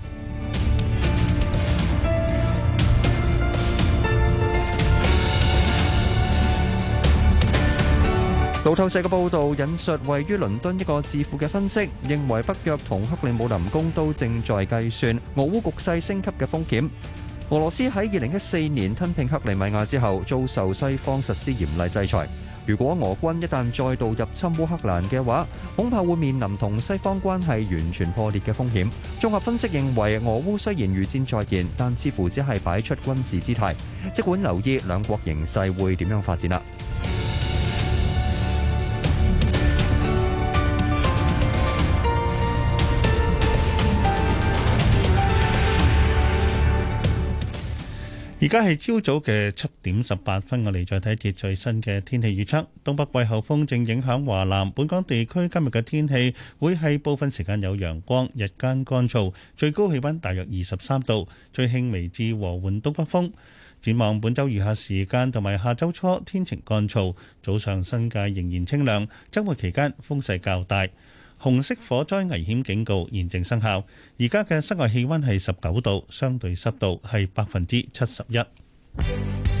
Speaker 9: 路透社嘅報道引述位於倫敦一個智庫嘅分析，認為北約同克里姆林宮都正在計算俄烏局勢升級嘅風險。俄羅斯喺二零一四年吞併克里米亞之後，遭受西方實施嚴厲制裁。如果俄軍一旦再度入侵烏克蘭嘅話，恐怕會面臨同西方關係完全破裂嘅風險。綜合分析認為，俄烏雖然如箭在弦，但似乎只係擺出軍事姿態。即管留意兩國形勢會點樣發展啦。
Speaker 4: 而家係朝早嘅七點十八分，我哋再睇一節最新嘅天氣預測。東北季候風正影響華南本港地區，今日嘅天氣會係部分時間有陽光，日間乾燥，最高氣溫大約二十三度，最輕微至和緩東北風。展望本周餘下時間同埋下周初，天晴乾燥，早上新界仍然清涼，周末期間風勢較大。紅色火災危險警告現正生效。而家嘅室外氣溫係十九度，相對濕度係百分之七十一。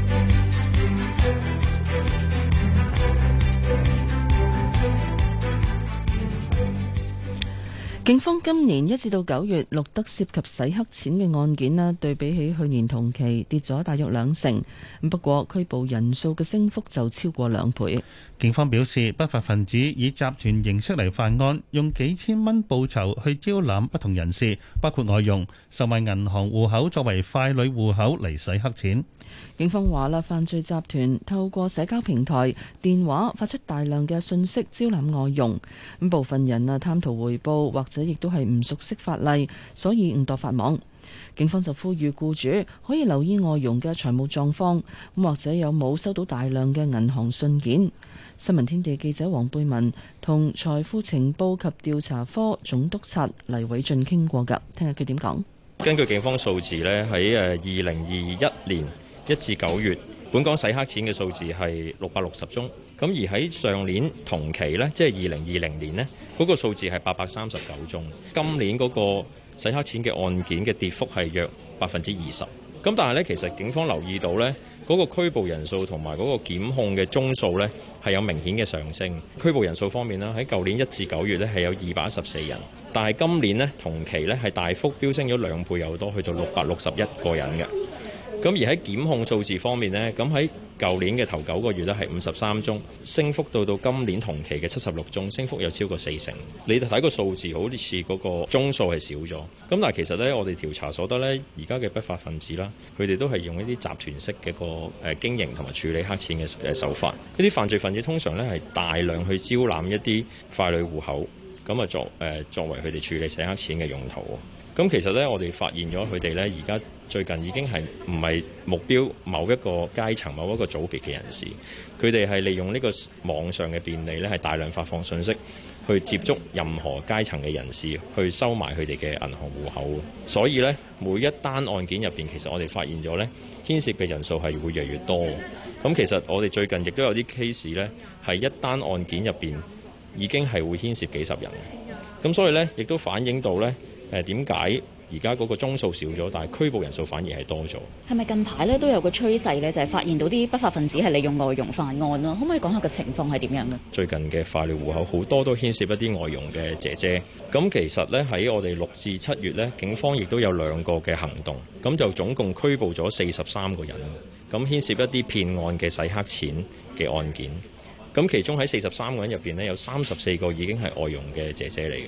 Speaker 3: 警方今年一至到九月錄得涉及洗黑錢嘅案件啦，對比起去年同期跌咗大約兩成。不過拘捕人數嘅升幅就超過兩倍。警方
Speaker 4: 表示，不法分子以集團形式嚟犯案，用幾千蚊報酬去招攬不同人士，包括外傭，售賣銀行戶口作為快旅傀儡戶口嚟洗黑錢。
Speaker 3: 警方話啦，犯罪集團透過社交平台、電話發出大量嘅信息招攬外傭。咁部分人啊，貪圖回報，或者亦都係唔熟悉法例，所以誤墮法網。警方就呼籲僱主可以留意外佣嘅財務狀況，咁或者有冇收到大量嘅銀行信件。新聞天地記者黃貝文同財富情報及調查科總督察黎偉俊傾過㗎，聽下佢點講。
Speaker 16: 根據警方數字咧，喺誒二零二一年，一至九月，本港洗黑錢嘅數字係六百六十宗，咁而喺上年同期呢，即係二零二零年呢，嗰個數字係八百三十九宗。今年嗰個洗黑錢嘅案件嘅跌幅係約百分之二十。咁但係呢，其實警方留意到呢，嗰個拘捕人數同埋嗰個檢控嘅宗數呢，係有明顯嘅上升。拘捕人數方面啦，喺舊年一至九月呢，係有二百一十四人，但係今年呢，同期呢，係大幅飆升咗兩倍有多，去到六百六十一個人嘅。咁而喺檢控數字方面呢，咁喺舊年嘅頭九個月咧，係五十三宗，升幅到到今年同期嘅七十六宗，升幅有超過四成。你睇個數字，好似嗰個宗數係少咗。咁但係其實呢，我哋調查所得呢，而家嘅不法分子啦，佢哋都係用一啲集團式嘅個誒經營同埋處理黑錢嘅手法。呢啲犯罪分子通常呢係大量去招攬一啲傀儡戶口，咁啊作誒作為佢哋處理洗黑錢嘅用途。咁其實咧，我哋發現咗佢哋咧，而家最近已經係唔係目標某一個階層、某一個組別嘅人士。佢哋係利用呢個網上嘅便利咧，係大量發放信息，去接觸任何階層嘅人士，去收埋佢哋嘅銀行戶口。所以咧，每一單案件入邊，其實我哋發現咗咧，牽涉嘅人數係會越嚟越多。咁其實我哋最近亦都有啲 case 咧，係一單案件入邊已經係會牽涉幾十人。咁所以咧，亦都反映到咧。誒，點解而家嗰個宗數少咗，但係拘捕人數反而係多咗？
Speaker 17: 係咪近排咧都有個趨勢咧，就係發現到啲不法分子係利用外傭犯案咯？可唔可以講下個情況係點樣咧？
Speaker 16: 最近嘅傀儡戶口好多都牽涉一啲外傭嘅姐姐咁。其實咧喺我哋六至七月咧，警方亦都有兩個嘅行動，咁就總共拘捕咗四十三個人，咁牽涉一啲騙案嘅洗黑錢嘅案件。咁其中喺四十三個人入邊咧，有三十四個已經係外傭嘅姐姐嚟嘅，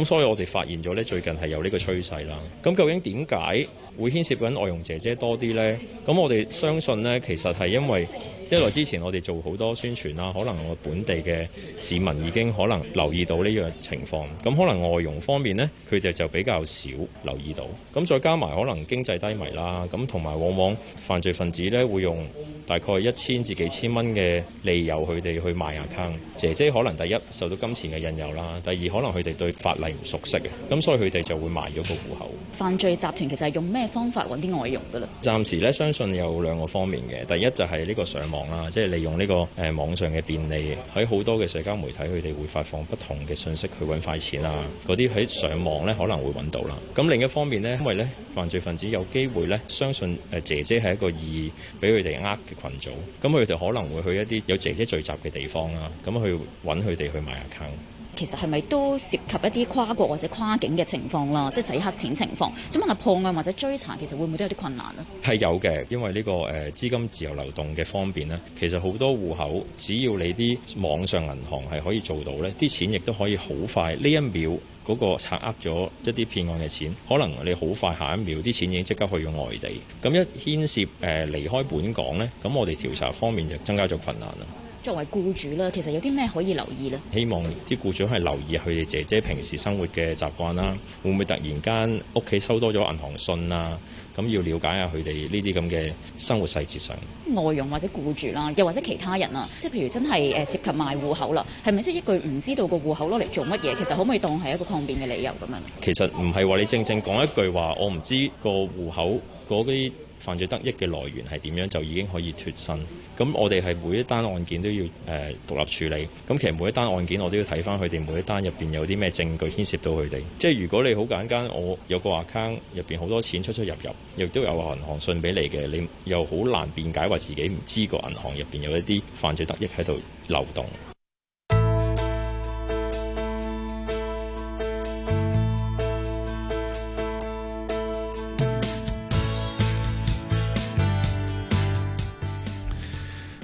Speaker 16: 咁所以我哋發現咗咧，最近係有呢個趨勢啦。咁究竟點解會牽涉緊外傭姐姐多啲呢？咁我哋相信呢，其實係因為。一來之前我哋做好多宣傳啦，可能我本地嘅市民已經可能留意到呢樣情況，咁可能外傭方面呢，佢哋就比較少留意到。咁再加埋可能經濟低迷啦，咁同埋往往犯罪分子呢會用大概一千至幾千蚊嘅利誘佢哋去賣 account。姐姐可能第一受到金錢嘅引誘啦，第二可能佢哋對法例唔熟悉嘅，咁所以佢哋就會賣咗個戶口。
Speaker 17: 犯罪集團其實係用咩方法揾啲外傭㗎啦？
Speaker 16: 暫時呢相信有兩個方面嘅，第一就係呢個上網。即係利用呢個誒網上嘅便利，喺好多嘅社交媒體，佢哋會發放不同嘅信息去揾快錢啊。嗰啲喺上網咧可能會揾到啦。咁另一方面呢，因為呢犯罪分子有機會呢相信誒姐姐係一個易俾佢哋呃嘅群組，咁佢哋可能會去一啲有姐姐聚集嘅地方啦，咁去揾佢哋去買 account。
Speaker 17: 其實係咪都涉及一啲跨國或者跨境嘅情況啦，即係洗黑錢情況。想問下破案或者追查，其實會唔會都有啲困難啊？
Speaker 16: 係有嘅，因為呢、呢個誒、呃、資金自由流動嘅方面呢，其實好多戶口，只要你啲網上銀行係可以做到呢，啲錢亦都可以好快。呢一秒嗰、嗰個賊呃咗一啲騙案嘅錢，可能你好快下一秒啲錢已經即刻去咗外地。咁一牽涉誒、呃、離開本港呢，咁我哋調查方面就增加咗困難啦。
Speaker 17: 作為僱主啦，其實有啲咩可以留意呢？
Speaker 16: 希望啲僱主係留意佢哋姐姐平時生活嘅習慣啦，會唔會突然間屋企收多咗銀行信啊？咁要了解下佢哋呢啲咁嘅生活細節上。
Speaker 17: 外傭或者僱主啦，又或者其他人啊，即係譬如真係誒涉及賣戶口啦，係咪即係一句唔知道個戶口攞嚟做乜嘢？其實可唔可以當係一個抗辯嘅理由咁樣？
Speaker 16: 其實唔係話你正正講一句話，我唔知個戶口。嗰啲犯罪得益嘅來源係點樣就已經可以脫身。咁我哋係每一單案件都要誒、呃、獨立處理。咁其實每一單案件我都要睇返佢哋每一單入邊有啲咩證據牽涉到佢哋。即係如果你好簡單，我有個 account 入邊好多錢出出入入，亦都有銀行信俾你嘅，你又好難辯解話自己唔知個銀行入邊有一啲犯罪得益喺度流動。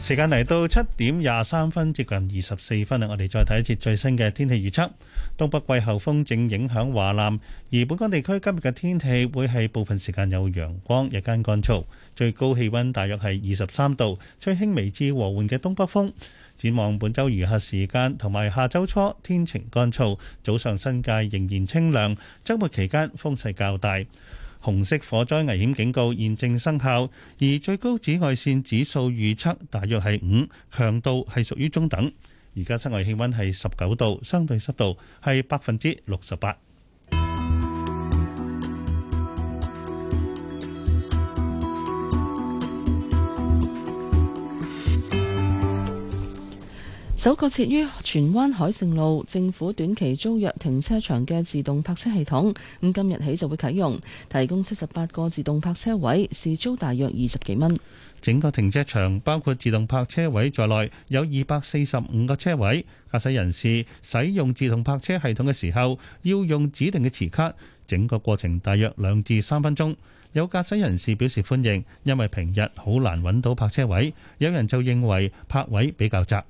Speaker 4: 時間嚟到七點廿三分，接近二十四分啦。我哋再睇一次最新嘅天氣預測。東北季候風正影響華南，而本港地區今日嘅天氣會係部分時間有陽光，日間乾燥，最高氣溫大約係二十三度，吹輕微至和緩嘅東北風。展望本周餘下時間同埋下周初，天晴乾燥，早上新界仍然清涼，周末期間風勢較大。紅色火災危險警告現正生效，而最高紫外線指數預測大約係五，強度係屬於中等。而家室外氣溫係十九度，相對濕度係百分之六十八。
Speaker 3: 首個設於荃灣海盛路政府短期租約停車場嘅自動泊車系統，咁今日起就會啟用，提供七十八個自動泊車位，時租大約二十幾蚊。整個停車
Speaker 4: 場包括自動泊車位在內，有二百四十五個車位。駕駛人士使用自動泊車系統嘅時候，要用指定嘅磁卡，整個過程大約兩至三分鐘。有駕駛人士表示歡迎，因為平日好難揾到泊車位。有人就認為泊位比較窄。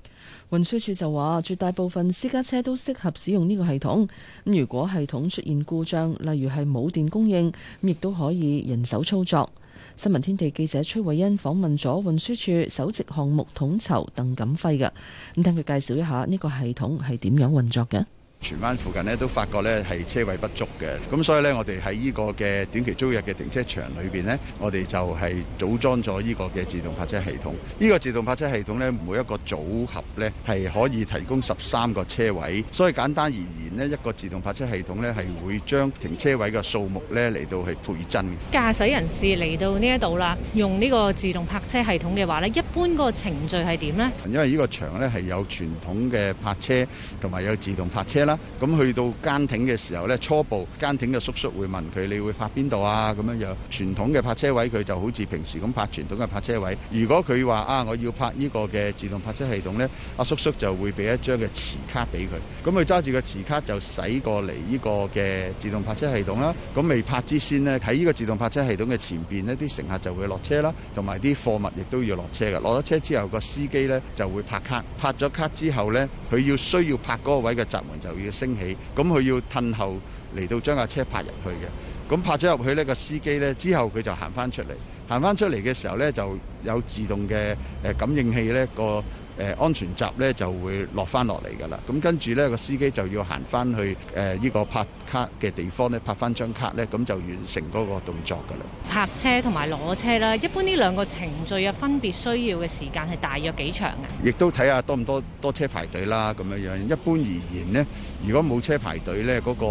Speaker 3: 運輸處就話，絕大部分私家車都適合使用呢個系統。咁如果系統出現故障，例如係冇電供應，亦都可以人手操作。新聞天地記者崔慧欣訪問咗運輸處首席項目統籌鄧錦輝嘅，咁聽佢介紹一下呢個系統係點樣運作嘅。
Speaker 18: 荃灣附近咧都發覺咧係車位不足嘅，咁所以咧我哋喺呢個嘅短期租約嘅停車場裏邊咧，我哋就係組裝咗呢個嘅自動泊車系統。呢個自動泊車系統咧每一個組合咧係可以提供十三個車位，所以簡單而言咧一個自動泊車系統咧係會將停車位嘅數目咧嚟到係倍增嘅。
Speaker 10: 駕駛人士嚟到呢一度啦，用呢個自動泊車系統嘅話咧，一般嗰個程序係點呢？
Speaker 18: 因為呢個場咧係有傳統嘅泊車同埋有，有自動泊車啦。咁去到監艇嘅時候呢，初步監艇嘅叔叔會問佢：你會泊邊度啊？咁樣樣傳統嘅泊車位，佢就好似平時咁泊傳統嘅泊車位。如果佢話啊，我要拍呢個嘅自動泊車系統呢阿、啊、叔叔就會俾一張嘅磁卡俾佢。咁佢揸住個磁卡就駛過嚟呢個嘅自動泊車系統啦。咁未拍之先呢，喺呢個自動泊車系統嘅前邊呢，啲乘客就會落車啦，同埋啲貨物亦都要落車嘅。落咗車之後，個司機呢就會拍卡，拍咗卡之後呢，佢要需要拍嗰個位嘅閘門就要。要升起，咁佢要褪後嚟到將架車泊入去嘅，咁泊咗入去呢個司機咧，之後佢就行翻出嚟。行翻出嚟嘅時候咧，就有自動嘅誒感應器咧，個誒安全閘咧就會落翻落嚟㗎啦。咁跟住咧，個司機就要行翻去誒依、呃這個拍卡嘅地方咧，拍翻張卡咧，咁就完成嗰個動作㗎啦。
Speaker 10: 泊車同埋攞車啦，一般呢兩個程序啊，分別需要嘅時間係大約幾長㗎、啊？
Speaker 18: 亦都睇下多唔多多車排隊啦，咁樣樣。一般而言咧，如果冇車排隊咧，嗰、那個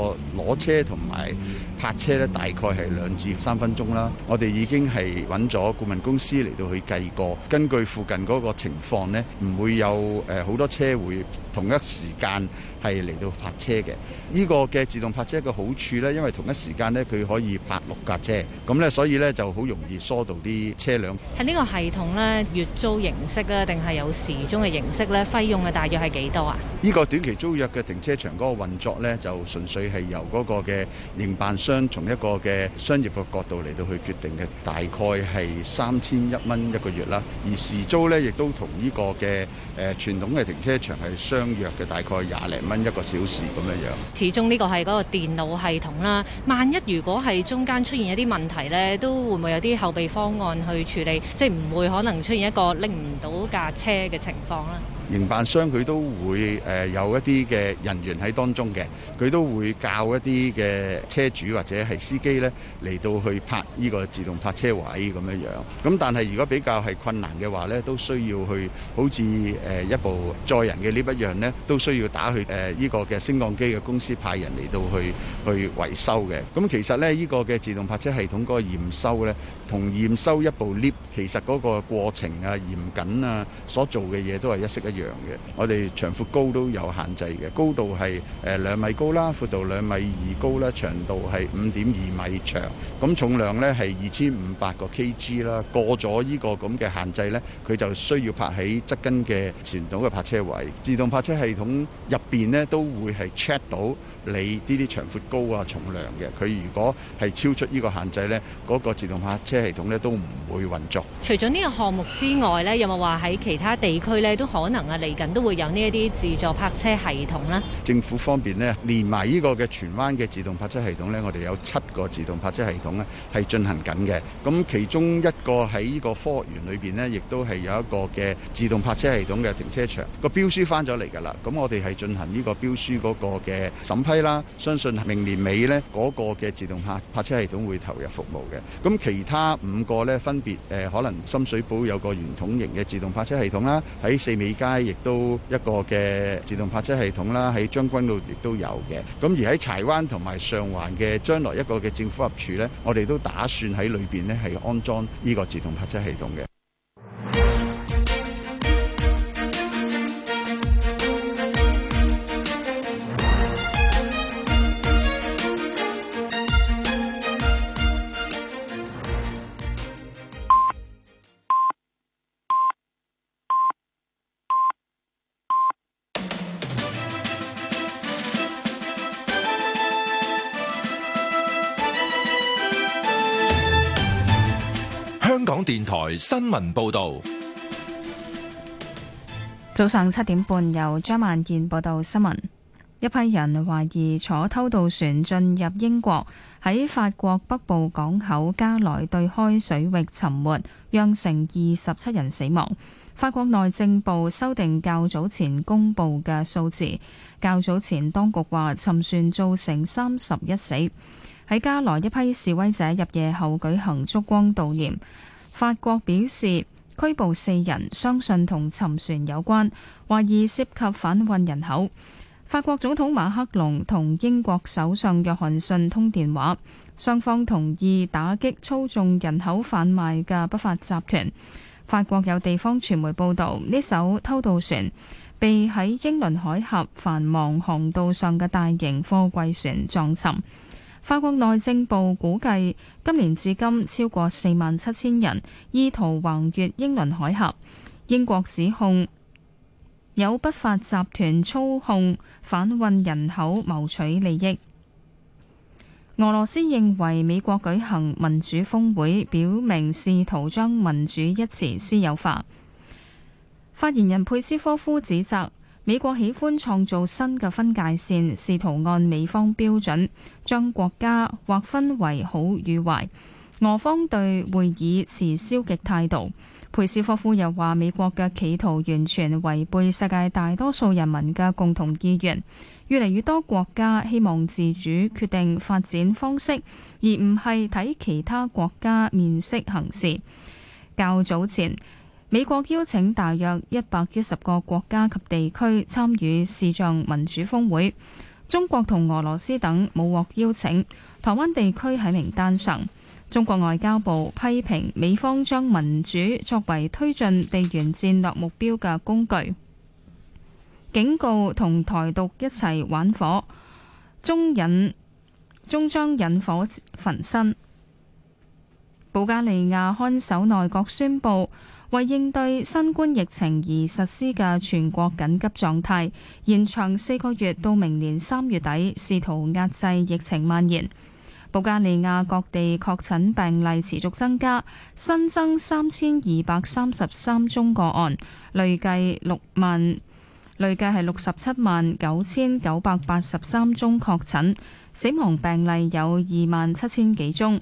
Speaker 18: 攞車同埋泊車咧，大概係兩至三分鐘啦。我哋已經係。揾咗顧問公司嚟到去計過，根據附近嗰個情況咧，唔會有誒好多車會。同一時間係嚟到泊車嘅，呢、呢個嘅自動泊車嘅好處呢，因為同一時間呢，佢可以泊六架車，咁呢，所以呢，就好容易疏導啲車輛。
Speaker 10: 係呢個系統呢，月租形式呢，定係有時租嘅形式呢？費用嘅大約係幾多啊？呢
Speaker 18: 個短期租約嘅停車場嗰個運作呢，就純粹係由嗰個嘅營辦商從一個嘅商業嘅角度嚟到去決定嘅，大概係三千一蚊一個月啦。而時租呢，亦都同呢個嘅。誒傳統嘅停車場係相約嘅，大概廿零蚊一個小時咁樣樣。
Speaker 10: 始終呢個係嗰個電腦系統啦。萬一如果係中間出現一啲問題呢，都會唔會有啲後備方案去處理，即係唔會可能出現一個拎唔到架車嘅情況啦。
Speaker 18: 營辦商佢都會誒有一啲嘅人員喺當中嘅，佢都會教一啲嘅車主或者係司機咧嚟到去拍呢個自動泊車位咁樣樣。咁但係如果比較係困難嘅話咧，都需要去好似誒一部載人嘅 lift 一樣咧，都需要打去誒呢個嘅升降機嘅公司派人嚟到去去維修嘅。咁其實咧呢個嘅自動泊車系統嗰個驗收咧，同驗收一部 lift 其實嗰個過程啊嚴謹啊所做嘅嘢都係一式一。一樣嘅，我哋長闊高都有限制嘅，高度係誒兩米高啦，闊度兩米二高啦，長度係五點二米長，咁重量呢係二千五百個 kg 啦，過咗呢個咁嘅限制呢，佢就需要泊喺側跟嘅傳統嘅泊車位，自動泊車系統入邊呢，都會係 check 到。你呢啲長闊高啊、重量嘅，佢如果係超出呢個限制呢嗰、嗰個自動泊車系統呢都唔會運作。
Speaker 10: 除咗呢個項目之外呢，有冇話喺其他地區呢都可能啊嚟緊都會有呢一啲自助泊車系統
Speaker 18: 咧？政府方面呢，連埋呢個嘅荃灣嘅自動泊車系統呢，我哋有七個自動泊車系統呢係進行緊嘅。咁其中一個喺呢個科學園裏邊呢，亦都係有一個嘅自動泊車系統嘅停車場。個標書翻咗嚟㗎啦，咁我哋係進行呢個標書嗰個嘅審批啦，相信明年尾呢，嗰個嘅自動泊泊車系統會投入服務嘅。咁其他五個呢，分別誒，可能深水埗有個圓筒型嘅自動泊車系統啦，喺四美街亦都一個嘅自動泊車系統啦，喺將軍澳亦都有嘅。咁而喺柴灣同埋上環嘅將來一個嘅政府合署呢，我哋都打算喺裏邊呢係安裝呢個自動泊車系統嘅。
Speaker 1: 新聞報道，
Speaker 12: 早上七點半由張萬燕報道新聞。一批人懷疑坐偷渡船進入英國，喺法國北部港口加來對開水域沉沒，釀成二十七人死亡。法國內政部修訂較早前公布嘅數字，較早前當局話沉船造成三十一死。喺加來，一批示威者入夜後舉行燭光悼念。法國表示拘捕四人，相信同沉船有關，懷疑涉及販運人口。法國總統馬克龍同英國首相約翰遜通電話，雙方同意打擊操縱人口販賣嘅不法集團。法國有地方傳媒報導，呢艘偷渡船被喺英倫海峽繁忙航道上嘅大型貨櫃船撞沉。法國內政部估計，今年至今超過四萬七千人意圖橫越英倫海峽。英國指控有不法集團操控販運人口，謀取利益。俄羅斯認為美國舉行民主峰會，表明試圖將民主一詞私有化。發言人佩斯科夫指責。美國喜歡創造新嘅分界線，試圖按美方標準將國家劃分為好與壞。俄方對會議持消極態度。佩斯科夫又話：美國嘅企圖完全違背世界大多數人民嘅共同意願。越嚟越多國家希望自主決定發展方式，而唔係睇其他國家面色行事。較早前。美國邀請大約一百一十個國家及地區參與視像民主峰會，中國同俄羅斯等冇獲邀請。台灣地區喺名單上。中國外交部批評美方將民主作為推進地緣戰略目標嘅工具，警告同台獨一齊玩火，終引終將引火焚身。保加利亞看守內閣宣布。為應對新冠疫情而實施嘅全國緊急狀態延長四個月到明年三月底，試圖壓制疫情蔓延。保加利亞各地確診病例持續增加，新增三千二百三十三宗個案，累計六萬累計係六十七萬九千九百八十三宗確診，死亡病例有二萬七千幾宗。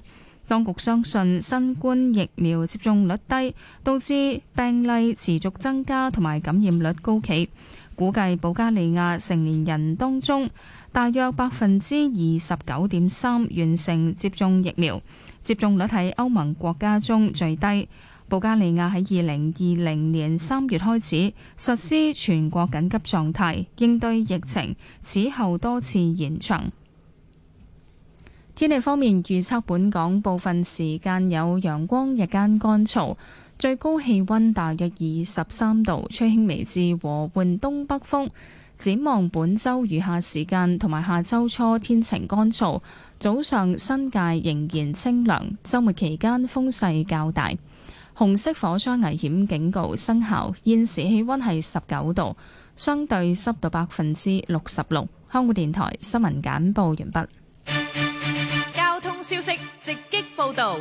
Speaker 12: 當局相信新冠疫苗接種率低，導致病例持續增加同埋感染率高企。估計保加利亞成年人當中大約百分之二十九點三完成接種疫苗，接種率喺歐盟國家中最低。保加利亞喺二零二零年三月開始實施全國緊急狀態，應對疫情，此後多次延長。天氣方面，預測本港部分時間有陽光，日間乾燥，最高氣溫大約二十三度，吹輕微至和緩東北風。展望本周餘下時間同埋下周初天晴乾燥，早上新界仍然清涼。周末期間風勢較大，紅色火災危險警告生效。現時氣溫係十九度，相對濕度百分之六十六。香港電台新聞簡報完畢。
Speaker 10: 消息直擊報導。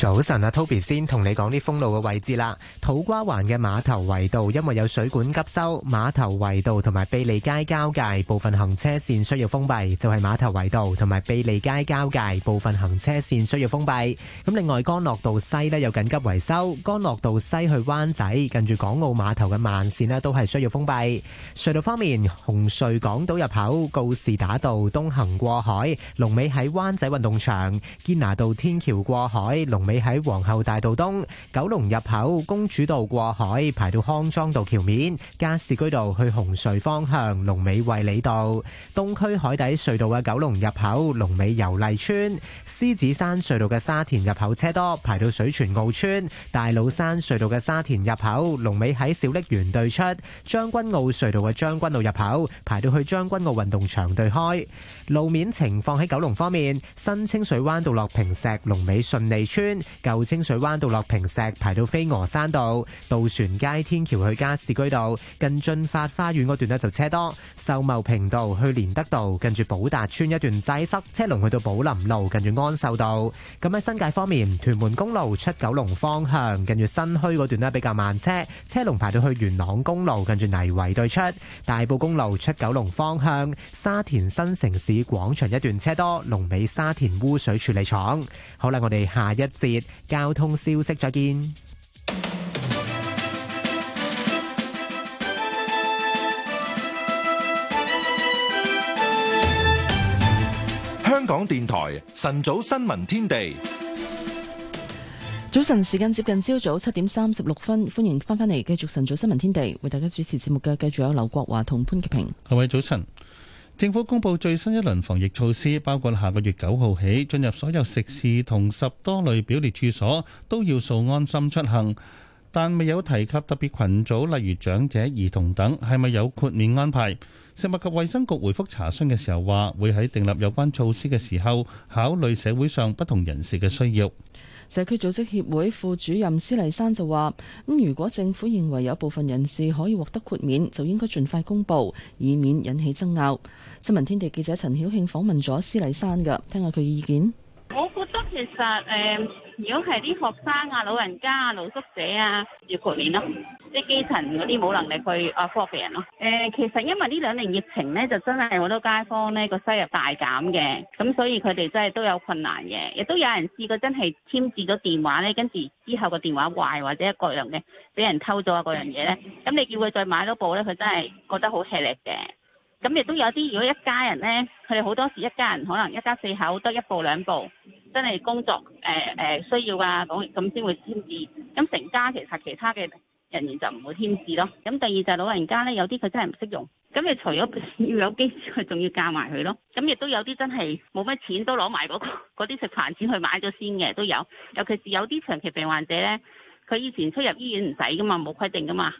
Speaker 8: 早晨啊，Toby 先同你講啲封路嘅位置啦。土瓜灣嘅碼頭圍道因為有水管急修，碼頭圍道同埋貝利街交界部分行車綫需要封閉，就係、是、碼頭圍道同埋貝利街交界部分行車綫需要封閉。咁另外，干諾道西呢有緊急維修，干諾道西去灣仔近住港澳碼頭嘅慢綫呢都係需要封閉。隧道方面，紅隧港島入口、告士打道東行過海、龍尾喺灣仔運動場、堅拿道天橋過海、龍。尾喺皇后大道東九龍入口，公主道過海排到康莊道橋面，加士居道去紅隧方向，龍尾衛理道；東區海底隧道嘅九龍入口，龍尾油麗村；獅子山隧道嘅沙田入口車多，排到水泉澳村；大老山隧道嘅沙田入口，龍尾喺小瀝源對出；將軍澳隧道嘅將軍澳入口排到去將軍澳運動場對開。路面情況喺九龍方面，新清水灣道落坪石，龍尾順利村。舊清水灣到樂平石排到飛鵝山道，渡船街天橋去加士居道，近駿發花園嗰段呢就車多，秀茂坪道去連德道，近住寶達村一段擠塞，車龍去到寶林路，近住安秀道。咁喺新界方面，屯門公路出九龍方向，近住新墟嗰段呢比較慢車，車龍排到去元朗公路，近住泥圍對出，大埔公路出九龍方向，沙田新城市廣場一段車多，龍尾沙田污水處理廠。好啦，我哋下一節。交通消息，再見。
Speaker 1: 香港電台晨早新聞天地，
Speaker 3: 早晨時間接近朝早七點三十六分，歡迎翻返嚟繼續晨早新聞天地，為大家主持節目嘅，繼續有劉國華同潘潔平。
Speaker 4: 各位早晨。政府公布最新一輪防疫措施，包括下個月九號起進入所有食肆同十多類表列處所都要掃安心出行，但未有提及特別群組，例如長者、兒童等，係咪有豁免安排？食物及衛生局回覆查詢嘅時候話，會喺訂立有關措施嘅時候考慮社會上不同人士嘅需要。
Speaker 3: 社區組織協會副主任施麗珊就話：咁如果政府認為有部分人士可以獲得豁免，就應該盡快公佈，以免引起爭拗。新聞天地記者陳曉慶訪問咗施麗珊嘅，聽下佢意見。我覺
Speaker 11: 得其實誒。Uh 如果係啲學生啊、老人家啊、露宿者啊，要豁免咯，即係基層嗰啲冇能力去啊，幫病人咯。誒，其實因為呢兩年疫情咧，就真係好多街坊咧個收入大減嘅，咁所以佢哋真係都有困難嘅，亦都有人試過真係簽字咗電話咧，跟住之後個電話壞或者各樣嘅，俾人偷咗啊各樣嘢咧，咁你叫佢再買多部咧，佢真係覺得好吃力嘅。咁亦都有啲如果一家人咧，佢哋好多時一家人可能一家四口得一部兩部。真係工作誒誒、呃呃、需要啊，咁咁先會簽字。咁成家其實其他嘅人員就唔會簽字咯。咁第二就係老人家咧，有啲佢真係唔識用。咁你除咗要有機之外，佢仲要教埋佢咯。咁亦都有啲真係冇乜錢都攞埋嗰啲食飯錢去買咗先嘅都有。尤其是有啲長期病患者咧，佢以前出入醫院唔使噶嘛，冇規定噶嘛。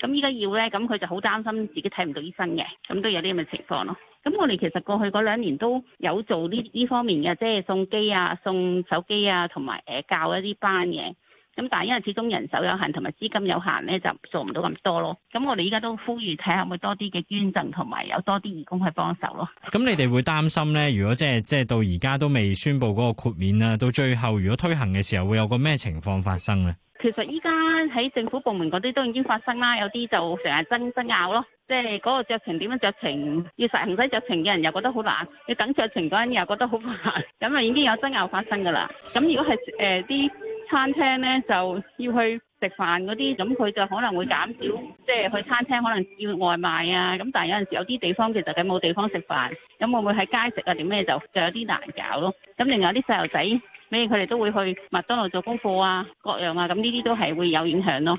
Speaker 11: 咁依家要咧，咁佢就好擔心自己睇唔到醫生嘅，咁都有啲咁嘅情況咯。咁我哋其實過去嗰兩年都有做呢呢方面嘅，即係送機啊、送手機啊，同埋誒教一啲班嘅。咁但係因為始終人手有限同埋資金有限咧，就做唔到咁多咯。咁我哋依家都呼籲睇下會多啲嘅捐贈同埋有多啲義工去幫手咯。
Speaker 16: 咁你哋會擔心咧？如果即係即係到而家都未宣佈嗰個豁免啊，到最後如果推行嘅時候會有個咩情況發生咧？
Speaker 11: 其實依家喺政府部門嗰啲都已經發生啦，有啲就成日爭爭拗咯。即係嗰個著情點樣着情？要實唔使着情嘅人又覺得好難，要等着情嗰陣又覺得好煩，咁啊已經有爭拗發生噶啦。咁如果係誒啲餐廳咧，就要去食飯嗰啲，咁佢就可能會減少，即係去餐廳可能要外賣啊。咁但係有陣時有啲地方其實佢冇地方食飯，咁會唔會喺街食啊？點咩就就有啲難搞咯。咁另外啲細路仔，咩佢哋都會去麥當勞做功課啊，各樣啊，咁呢啲都係會有影響咯。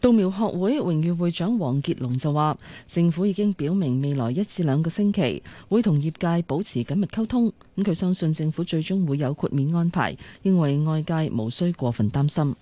Speaker 3: 稻苗學會榮譽會長黃傑龍就話，政府已經表明未來一至兩個星期會同業界保持緊密溝通，咁佢相信政府最終會有豁免安排，認為外界無需過分擔心。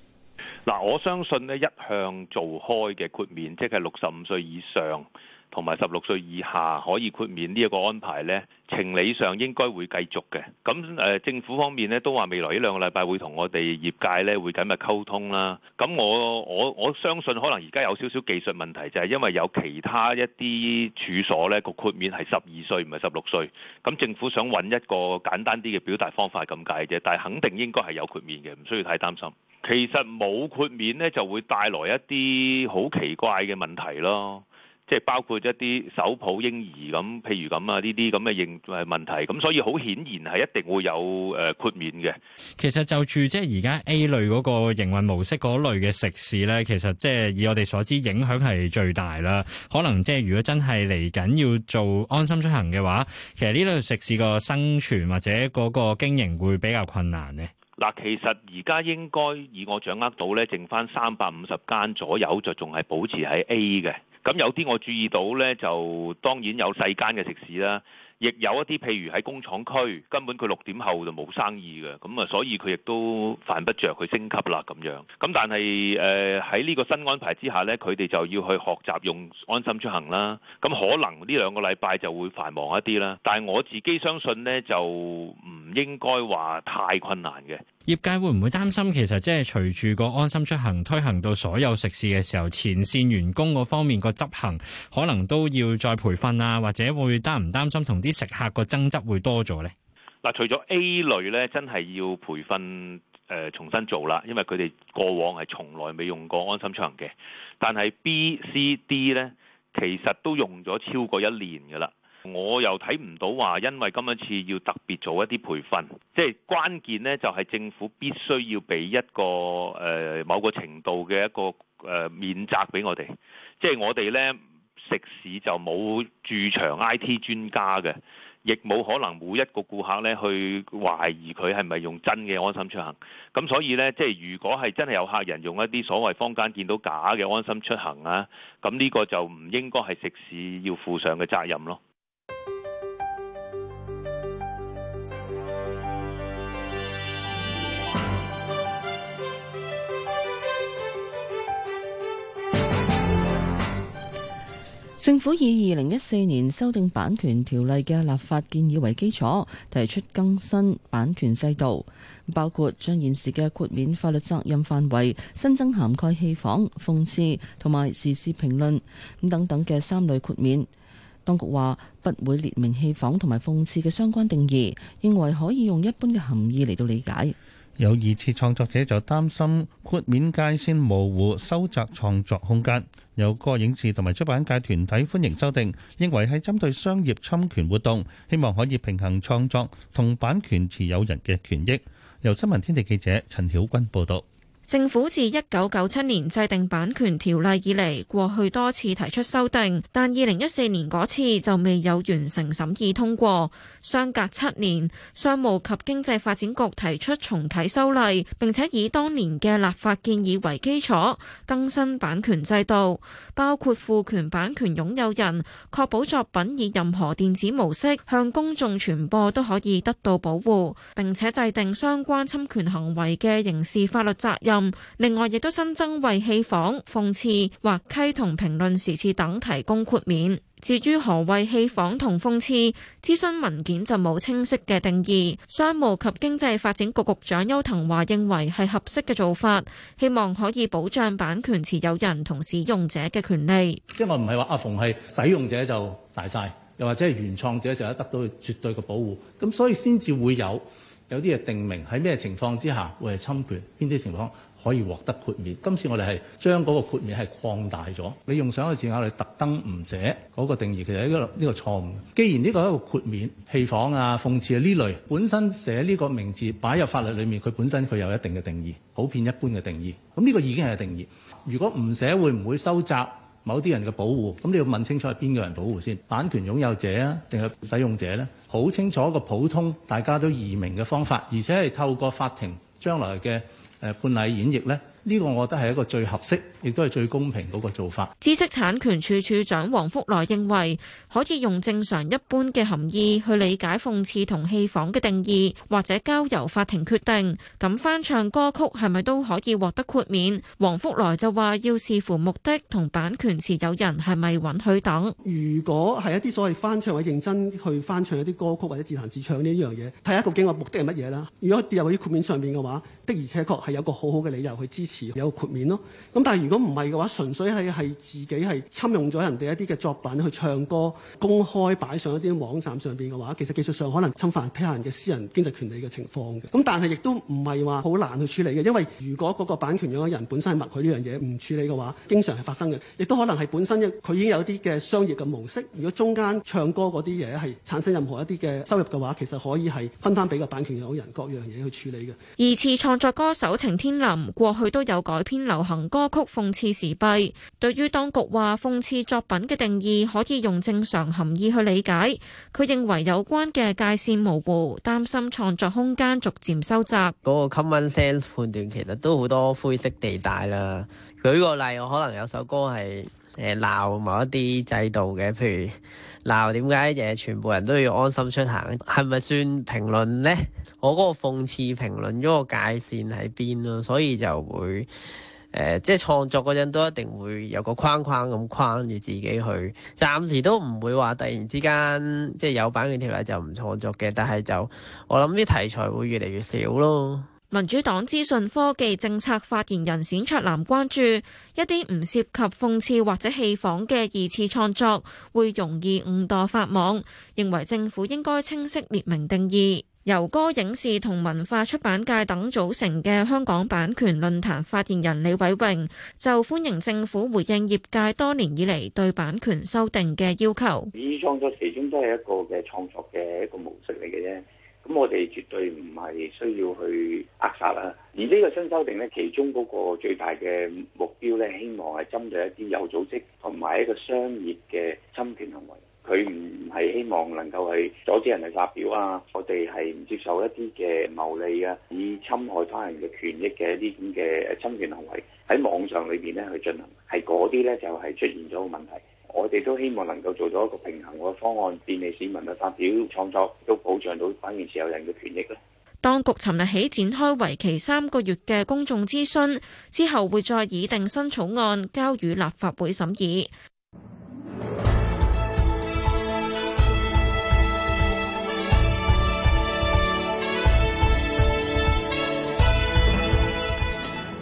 Speaker 19: 嗱，我相信咧一向做開嘅豁免，即係六十五歲以上。同埋十六歲以下可以豁免呢一個安排咧，情理上應該會繼續嘅。咁誒，呃，政府方面咧都話未來呢兩個禮拜會同我哋業界咧會緊密溝通啦。咁我我我相信可能而家有少少技術問題，就係因為有其他一啲處所咧個豁免係十二歲唔係十六歲，咁政府想揾一個簡單啲嘅表達方法咁解啫，但係肯定應該係有豁免嘅，唔需要太擔心。其實冇豁免咧，就會帶來一啲好奇怪嘅問題咯。即係包括一啲手抱嬰兒咁，譬如咁啊呢啲咁嘅應誒問題咁，所以好顯然係一定會有誒豁免嘅。
Speaker 16: 其實就住即係而家 A 類嗰個營運模式嗰類嘅食肆咧，其實即係以我哋所知影響係最大啦。可能即係如果真係嚟緊要做安心出行嘅話，其實呢類食肆個生存或者嗰個經營會比較困難呢。
Speaker 19: 嗱，其實而家應該以我掌握到咧，剩翻三百五十間左右就仲係保持喺 A 嘅。咁有啲我注意到呢，就當然有細間嘅食肆啦，亦有一啲譬如喺工廠區，根本佢六點後就冇生意嘅，咁啊，所以佢亦都犯不着去升級啦咁樣。咁但係誒喺呢個新安排之下呢，佢哋就要去學習用安心出行啦。咁可能呢兩個禮拜就會繁忙一啲啦，但係我自己相信呢，就唔應該話太困難嘅。
Speaker 16: 業界會唔會擔心？其實即係隨住個安心出行推行到所有食肆嘅時候，前線員工嗰方面個執行可能都要再培訓啊，或者會擔唔擔心同啲食客個爭執會多咗呢？
Speaker 19: 嗱，除咗 A 類咧，真係要培訓誒、呃、重新做啦，因為佢哋過往係從來未用過安心出行嘅。但係 B、C、D 咧，其實都用咗超過一年㗎喇。我又睇唔到話，因為今一次要特別做一啲培訓，即係關鍵咧就係政府必須要俾一個誒、呃、某個程度嘅一個誒、呃、免責俾我哋。即係我哋咧，食肆就冇駐場 I T 專家嘅，亦冇可能每一個顧客咧去懷疑佢係咪用真嘅安心出行。咁所以咧，即係如果係真係有客人用一啲所謂坊間見到假嘅安心出行啊，咁呢個就唔應該係食肆要負上嘅責任咯。
Speaker 3: 政府以二零一四年修訂版權條例嘅立法建議為基礎，提出更新版權制度，包括將現時嘅豁免法律責任範圍新增涵蓋戲仿、諷刺同埋時事評論等等嘅三類豁免。當局話不會列明戲仿同埋諷刺嘅相關定義，認為可以用一般嘅含義嚟到理解。
Speaker 4: 有二次創作者就擔心豁免界線模糊，收窄創作空間。有個影視同埋出版界團體歡迎修訂，認為係針對商業侵權活動，希望可以平衡創作同版權持有人嘅權益。由新聞天地記者陳曉君報道。
Speaker 20: 政府自一九九七年制定版權條例以嚟，過去多次提出修訂，但二零一四年嗰次就未有完成審議通過。相隔七年，商務及經濟發展局提出重啟修例，並且以當年嘅立法建議為基礎更新版權制度，包括賦權版權擁有人，確保作品以任何電子模式向公眾傳播都可以得到保護，並且制定相關侵權行為嘅刑事法律責任。另外，亦都新增為戲謔、諷刺滑稽同評論時事等提供豁免。至於何謂戲仿同諷刺，諮詢文件就冇清晰嘅定義。商務及經濟發展局局長邱騰華認為係合適嘅做法，希望可以保障版權持有人同使用者嘅權利。即係
Speaker 2: 我唔係話阿馮係使用者就大晒，
Speaker 4: 又或者係原創者就得到絕對嘅保護，咁所以先至會有有啲嘢定明喺咩情況之下會係侵權，邊啲情況，可以獲得豁免。今次我哋係將嗰個豁免係擴大咗。你用上一個字眼嚟特登唔寫嗰個定義，其實係、呢、呢個呢、呢個錯誤。既然呢個係一個豁免戲仿啊、諷刺啊呢類本身寫呢個名字擺入法律裡面，佢本身佢有一定嘅定義，普遍一般嘅定義。咁呢個已經係定義。如果唔寫會唔會收窄某啲人嘅保護？咁你要問清楚係邊個人保護先？版權擁有者啊，定係使用者呢？好清楚一個普通大家都易明嘅方法，而且係透過法庭將來嘅。誒，冠禮演繹咧。呢個我覺得係一個最合適亦都係最公平嗰個做法。
Speaker 20: 知識產權處處長黃福來認為可以用正常一般嘅含義去理解諷刺同戲仿嘅定義，或者交由法庭決定。咁翻唱歌曲係咪都可以獲得豁免？黃福來就話要視乎目的同版權持有人係咪允許等。如果係一啲所
Speaker 15: 謂翻唱或者認真去翻唱一啲歌曲，或者自彈自唱呢一樣嘢，睇下究竟個目的係乜嘢啦？如果跌入啲豁免上面嘅話，的而且確係有個好好嘅理由去支持。有豁免咯，咁但係如果唔係嘅話，純粹係係自己係侵用咗人哋一啲嘅作品去唱歌，公開擺上一啲網站上邊嘅話，其實技術上可能侵犯其他人嘅私人經濟權利嘅情況嘅。咁但係亦都唔係話好難去處理嘅，因為如果嗰個版權有人本身係默許呢樣嘢唔處理嘅話，經常係發生嘅，亦都可能係本身佢已經有一啲嘅商業嘅模式。如果中間唱歌嗰啲嘢係產生任何一啲嘅收入嘅話，其實可以係分翻俾個版權有人各樣嘢去處理嘅。
Speaker 20: 二次創作歌手程，程天林過去都有改編流行歌曲諷刺時弊，對於當局話諷刺作品嘅定義可以用正常含義去理解。佢認為有關嘅界線模糊，擔心創作空間逐漸收窄。嗰個 common sense 判斷其實都好多灰色地帶啦。
Speaker 8: 舉個例，我可能有首歌係。誒鬧某一啲制度嘅，譬如鬧點解嘅全部人都要安心出行，係咪算評論呢？我嗰個諷刺評論嗰個界線喺邊咯，所以就會、呃、即係創作嗰陣都一定會有個框框噉框住自己去。暫時都唔會話突然
Speaker 20: 之間即係有版權條例就唔創作嘅，但係就我諗啲題材會越嚟越少咯。民主黨資訊科技政策發言人冼卓南關注一啲唔涉及諷刺或者戲仿嘅二次創作會容易誤墮法網，認為政府應該清晰列明定義。由歌、影視同文化出版界等組成嘅香港版權論壇發言人李偉榮就歡迎政府回應業界多年以嚟對版權修訂嘅要求。
Speaker 5: 呢啲創作其中都係一個嘅創作嘅一個模式嚟嘅啫。咁我哋絕對唔係需要去扼殺啦，而呢個新修訂呢，其中嗰個最大嘅目標呢，希望係針對一啲有組織同埋一個商業嘅侵權行為，佢唔係希望能夠去阻止人哋發表啊，我哋係唔接受一啲嘅牟利啊，以侵害他人嘅權益嘅一啲咁嘅侵權行為喺網上裏邊呢去進行，係嗰啲呢就係出現咗個問題。我哋都希望能夠做到一個平衡嘅方案，便利市民嘅發表創作，都保障到反面持有人嘅權益。
Speaker 20: 當局尋日起展開為期三個月嘅公眾諮詢，之後會再擬定新草案交予立法會審議。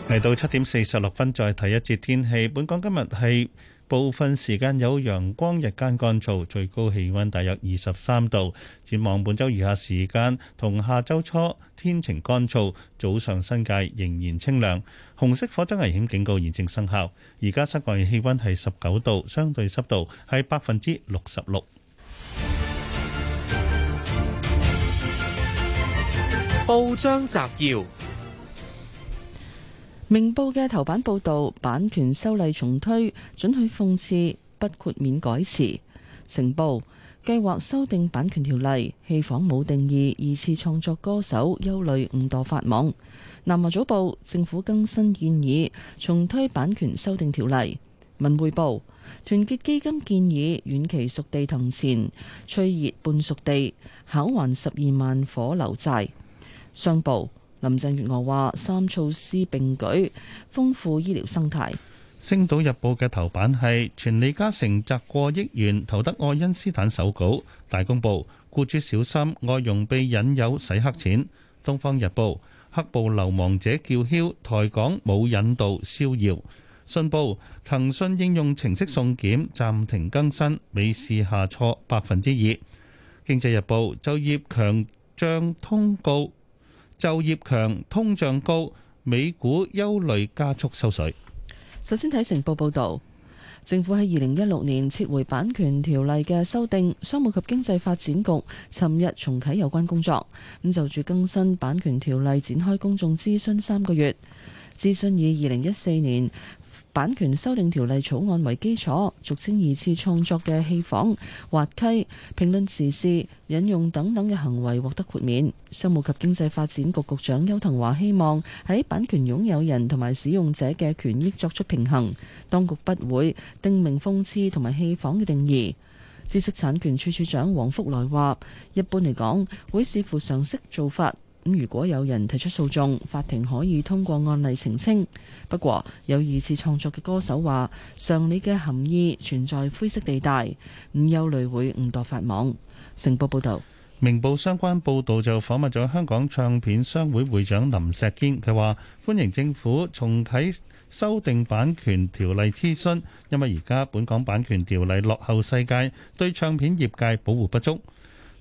Speaker 4: 嚟到七點四十六分，再睇一節天氣。本港今日係。部分時間有陽光，日間乾燥，最高氣温大約二十三度。展望本周餘下時間同下周初天晴乾燥，早上新界仍然清涼。紅色火災危險警告現正生效。而家室外氣温係十九度，相對濕度係百分之六十六。
Speaker 10: 報
Speaker 15: 章摘要。
Speaker 3: 明報嘅頭版報道，版權修例重推，准許諷刺，不豁免改詞。成報計劃修訂版權條例，戲仿冇定義，二次創作歌手憂慮誤墮法網。南華早報，政府更新建議，重推版權修訂條例。文匯報，團結基金建議遠期熟地同前，翠葉半熟地，考還十二萬火樓債。商報。林鄭月娥話：三措施並舉，豐富醫療生態。
Speaker 4: 星島日報嘅頭版係：全李嘉誠摘過億元投得愛因斯坦手稿。大公報僱主小心，外傭被引誘洗黑錢。東方日報：黑暴流亡者叫囂，台港冇引渡，逍遙。信報：騰訊應用程式送檢，暫停更新，美市下挫百分之二。經濟日報：就業強將通告，就業強，通脹高，美股憂慮加速收水。
Speaker 3: 首先睇成報報導，政府喺二零一六年撤回版權條例嘅修訂，商務及經濟發展局尋日重啟有關工作，咁就住更新版權條例展開公眾諮詢三個月，諮詢以二零一四年版權修訂條例草案為基礎，俗稱二次創作嘅戲仿、滑稽、評論時事、引用等等嘅行為獲得豁免。商務及經濟發展局局長邱騰華希望喺版權擁有人同埋使用者嘅權益作出平衡，當局不會定名「諷刺同埋戲仿」嘅定義。知識產權處處長黃福來話：一般嚟講，會視乎常識做法。咁如果有人提出訴訟，法庭可以通過案例澄清。不過，有二次創作嘅歌手話：上禮嘅含義存在灰色地帶，唔憂慮會誤墮法網。成報報導，
Speaker 4: 明報相關報導就訪問咗香港唱片商會會長林石堅，佢話歡迎政府重啟修訂版權條例諮詢，因為而家本港版權條例落後世界，對唱片業界保護不足。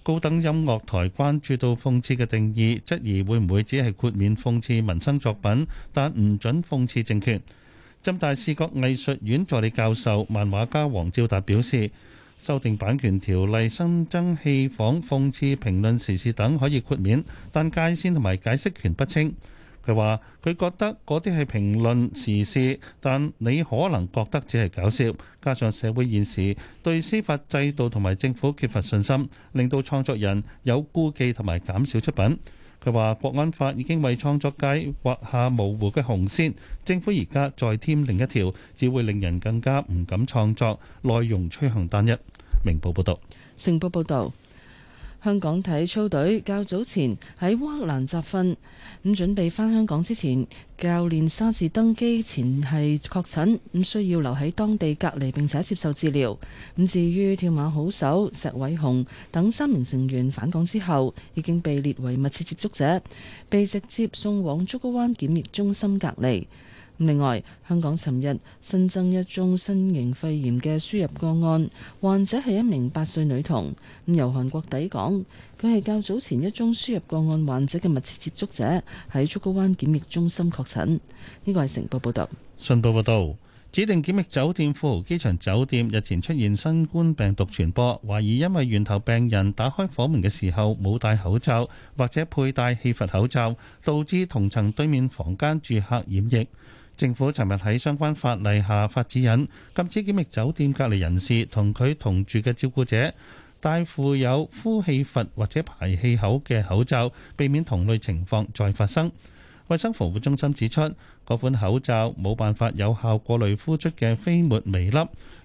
Speaker 4: 高登音樂台關注到諷刺嘅定義，質疑會唔會只係豁免諷刺民生作品，但唔准諷刺政權。浸大視覺藝術院助理教授、漫畫家黃照達表示，修訂版權條例新增戲仿諷刺、評論、時事等可以豁免，但界線同埋解釋權不清。佢話：佢覺得嗰啲係評論時事，但你可能覺得只係搞笑。加上社會現時對司法制度同埋政府缺乏信心，令到創作人有顧忌同埋減少出品。佢話：國安法已經為創作界畫下模糊嘅紅線，政府而家再添另一條，只會令人更加唔敢創作，內容趨向單一。明報報道。
Speaker 3: 城報報導。香港體操隊較早前喺烏克蘭集訓，咁準備返香港之前，教練沙治登機前係確診，咁需要留喺當地隔離並且接受治療。咁至於跳馬好手石偉雄等三名成員返港之後，已經被列為密切接觸者，被直接送往竹篙灣檢疫中心隔離。另外，香港尋日新增一宗新型肺炎嘅輸入個案，患者係一名八歲女童，由韓國抵港。佢係較早前一宗輸入個案患者嘅密切接觸者，喺竹篙灣檢疫中心確診。呢個係成報報導。
Speaker 4: 信報報導，指定檢疫酒店富豪機場酒店日前出現新冠病毒傳播，懷疑因為源頭病人打開房門嘅時候冇戴口罩或者佩戴氣閥口罩，導致同層對面房間住客染疫。政府尋日喺相關法例下發指引，禁止檢疫酒店隔離人士同佢同住嘅照顧者戴附有呼氣閥或者排氣口嘅口罩，避免同類情況再發生。衛生防護中心指出，嗰款口罩冇辦法有效過濾呼出嘅飛沫微粒，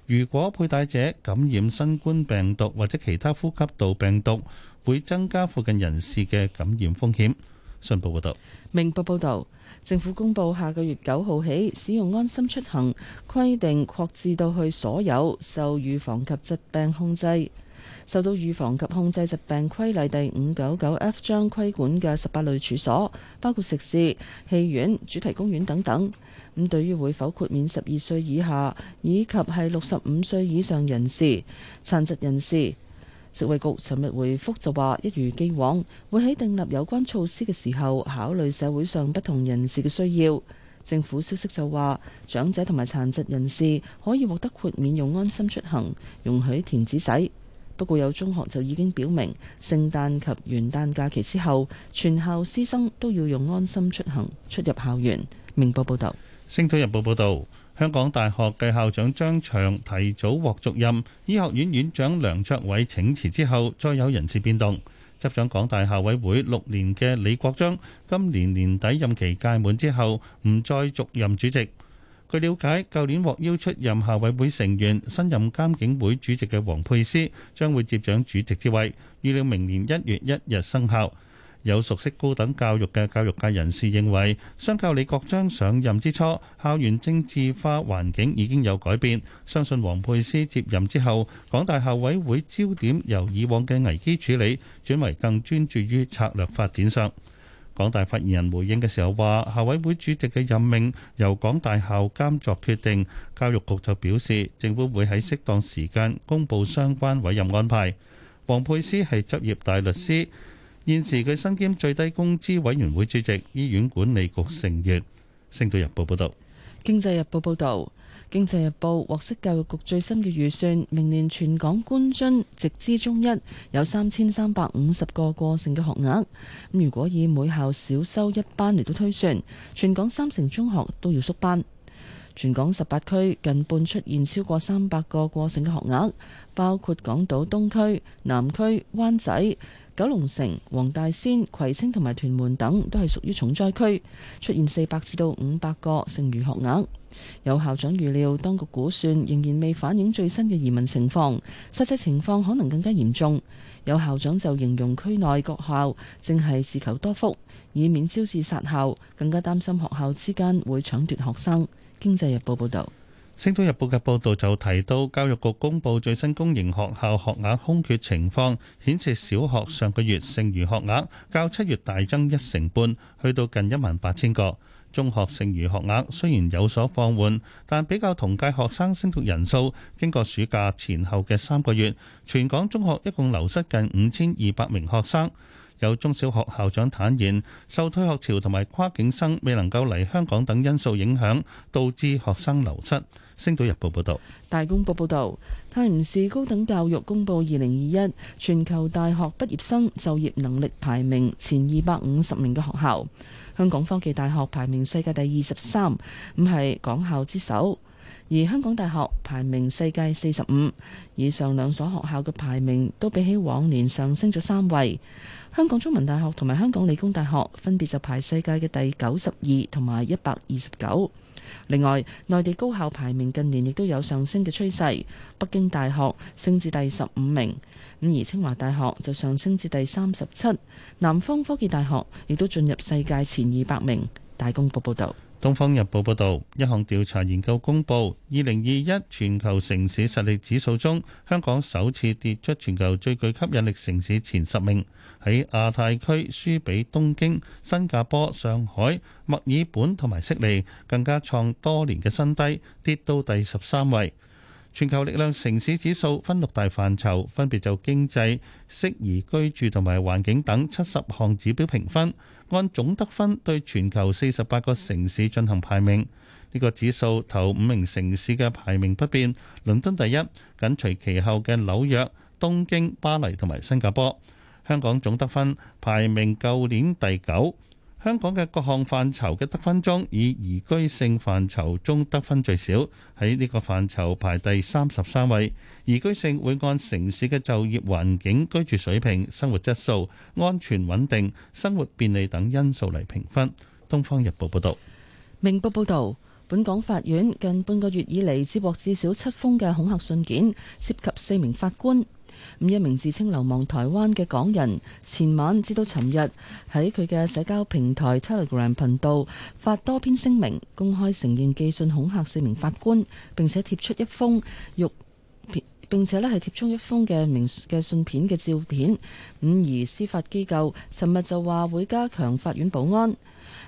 Speaker 4: 如果佩戴者感染新冠病毒或者其他呼吸道病毒，會增加附近人士嘅感染風險。信報報
Speaker 14: 導，
Speaker 3: 明報報導。政府公布下個月九號起使用安心出行規定擴至到去所有受預防及疾病控制受到預防及控制疾病規例第五九九 F 章規管嘅十八類處所，包括食肆、戲院、主題公園等等。咁對於會否豁免十二歲以下以及係六十五歲以上人士、殘疾人士？食衛局尋日回覆就話，一如既往會喺訂立有關措施嘅時候考慮社會上不同人士嘅需要。政府消息就話，長者同埋殘疾人士可以獲得豁免用安心出行，容許填紙仔。不過有中學就已經表明，聖誕及元旦假期之後，全校師生都要用安心出行出入校園。明報報道，
Speaker 4: 《星島日報》報道。香港大學繼校長張翔提早獲續任，醫學院院長梁卓偉請辭之後，再有人事變動。執掌港大校委會六年嘅李國章，今年年底任期屆滿之後，唔再續任主席。據了解，舊年獲邀出任校委會成員、新任監警會主席嘅王沛詩，將會接掌主席之位，預料明年一月一日生效。有熟悉高等教育嘅教育界人士認為，相較李國章上任之初，校園政治化環境已經有改變。相信黃佩斯接任之後，港大校委會焦點由以往嘅危機處理轉為更專注於策略發展上。港大發言人回應嘅時候話：校委會主席嘅任命由港大校監作決定，教育局就表示政府會喺適當時間公佈相關委任安排。黃佩斯係執業大律師。現時佢身兼最低工資委員會主席、醫院管理局成員。《星島日報》報道，
Speaker 3: 《經濟日報》報道，《經濟日報》獲悉教育局最新嘅預算，明年全港官津直資中一有三千三百五十個過剩嘅學額。如果以每校少收一班嚟到推算，全港三成中學都要縮班。全港十八區近半出現超過三百個過剩嘅學額，包括港島東區、南區、灣仔。九龍城、黃大仙、葵青、同埋屯門等都係屬於重災區，出現四百至到五百個剩餘學額。有校長預料，當局估算仍然未反映最新嘅移民情況，實際情況可能更加嚴重。有校長就形容區內各校正係自求多福，以免招致殺校，更加擔心學校之間會搶奪學生。《經濟日報》報道。
Speaker 4: 《星島日報》嘅報導就提到，教育局公布最新公營學校學額空缺情況，顯示小學上個月剩餘學額較七月大增一成半，去到近一萬八千個。中學剩餘學額雖然有所放緩，但比較同屆學生升讀人數，經過暑假前後嘅三個月，全港中學一共流失近五千二百名學生。有中小學校長坦言，受退學潮同埋跨境生未能夠嚟香港等因素影響，導致學生流失。星島日報報道，
Speaker 3: 大公報報道，泰晤士高等教育公布，二零二一全球大學畢業生就業能力排名前二百五十名嘅學校，香港科技大學排名世界第二十三，咁係港校之首，而香港大學排名世界四十五，以上兩所學校嘅排名都比起往年上升咗三位，香港中文大學同埋香港理工大學分別就排世界嘅第九十二同埋一百二十九。另外，內地高校排名近年亦都有上升嘅趨勢，北京大學升至第十五名，咁而清華大學就上升至第三十七，南方科技大學亦都進入世界前二百名。大公報報道。
Speaker 4: 《東方日報》報導，一項調查研究公佈，二零二一全球城市實力指數中，香港首次跌出全球最具吸引力城市前十名，喺亞太區輸畀東京、新加坡、上海、墨爾本同埋悉尼，更加創多年嘅新低，跌到第十三位。全球力量城市指數分六大範疇，分別就經濟、適宜居住同埋環境等七十項指標評分。按總得分對全球四十八個城市進行排名，呢個指數頭五名城市嘅排名不變，倫敦第一，緊隨其後嘅紐約、東京、巴黎同埋新加坡。香港總得分排名舊年第九。香港嘅各項範疇嘅得分中，以宜居性範疇中得分最少，喺呢個範疇排第三十三位。宜居性會按城市嘅就業環境、居住水平、生活質素、安全穩定、生活便利等因素嚟評分。《東方日報》報道。
Speaker 3: 《明報》報道，本港法院近半個月以嚟接獲至少七封嘅恐嚇信件，涉及四名法官。一名自稱流亡台灣嘅港人，前晚至到尋日喺佢嘅社交平台 Telegram 頻道發多篇聲明，公開承認寄信恐嚇四名法官，並且貼出一封欲片，並且咧係貼出一封嘅明嘅信片嘅照片。咁而司法機構尋日就話會加強法院保安。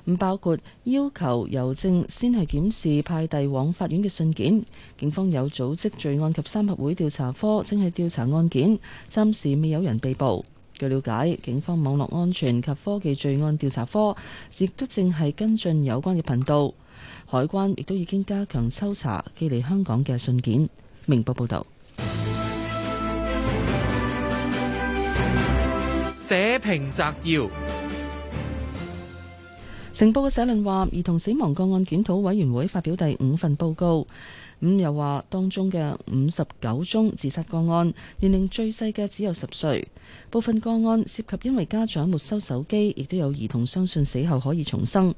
Speaker 3: 唔包括要求郵政先係檢視派遞往法院嘅信件，警方有組織罪案及三合會調查科正係調查案件，暫時未有人被捕。據了解，警方網絡安全及科技罪案調查科亦都正係跟進有關嘅頻道，海關亦都已經加強抽查寄嚟香港嘅信件。明報報道。
Speaker 13: 社評摘要。
Speaker 3: 成報嘅社論話，兒童死亡個案檢討委員會發表第五份報告，咁、嗯、又話當中嘅五十九宗自殺個案，年齡最細嘅只有十歲。部分個案涉及因為家長沒收手機，亦都有兒童相信死後可以重生。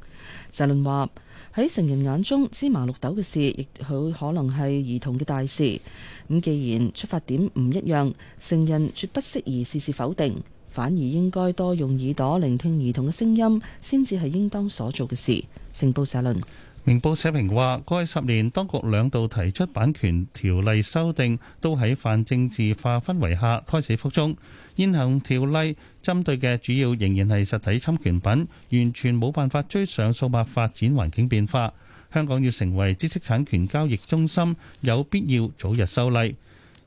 Speaker 3: 社論話喺成人眼中芝麻綠豆嘅事，亦好可能係兒童嘅大事。咁、嗯、既然出發點唔一樣，成人絕不適宜事事否定。反而應該多用耳朵聆聽兒童嘅聲音，先至係應當所做嘅事。城報社論。
Speaker 4: 明報社評話：過去十年，當局兩度提出版權條例修訂，都喺泛政治化氛圍下胎死腹中。現行條例針對嘅主要仍然係實體侵權品，完全冇辦法追上數碼發展環境變化。香港要成為知識產權交易中心，有必要早日修例。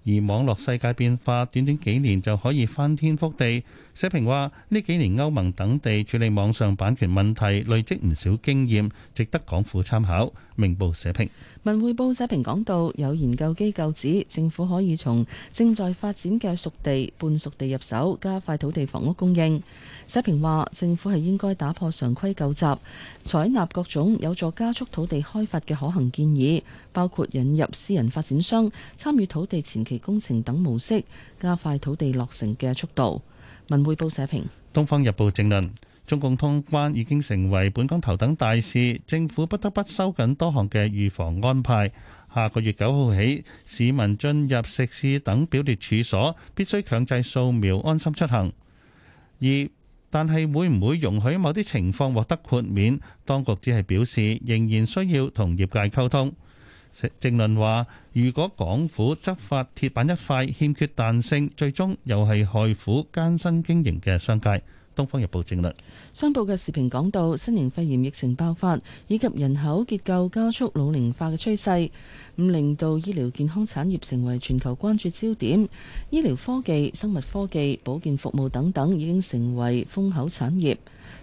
Speaker 4: 而網絡世界變化，短短幾年就可以翻天覆地。社評話：呢幾年歐盟等地處理網上版權問題，累積唔少經驗，值得港府參考。明報社評。
Speaker 3: 文匯報社評講到，有研究機構指政府可以從正在發展嘅熟地、半熟地入手，加快土地房屋供應。社評話，政府係應該打破常規舊習，採納各種有助加速土地開發嘅可行建議，包括引入私人發展商參與土地前期工程等模式，加快土地落成嘅速度。文匯報社評，
Speaker 4: 東方日報正論。中共通關已經成為本港頭等大事，政府不得不收緊多項嘅預防安排。下個月九號起，市民進入食肆等表列處所，必須強制掃描，安心出行。二、但係會唔會容許某啲情況獲得豁免？當局只係表示仍然需要同業界溝通。正論話：如果港府執法鐵板一塊，欠缺彈性，最終又係害苦艱辛經營嘅商界。《東方日報正論》證實，
Speaker 3: 商報嘅視頻講到，新型肺炎疫情爆發以及人口結構加速老齡化嘅趨勢，咁令到醫療健康產業成為全球關注焦點，醫療科技、生物科技、保健服務等等，已經成為風口產業。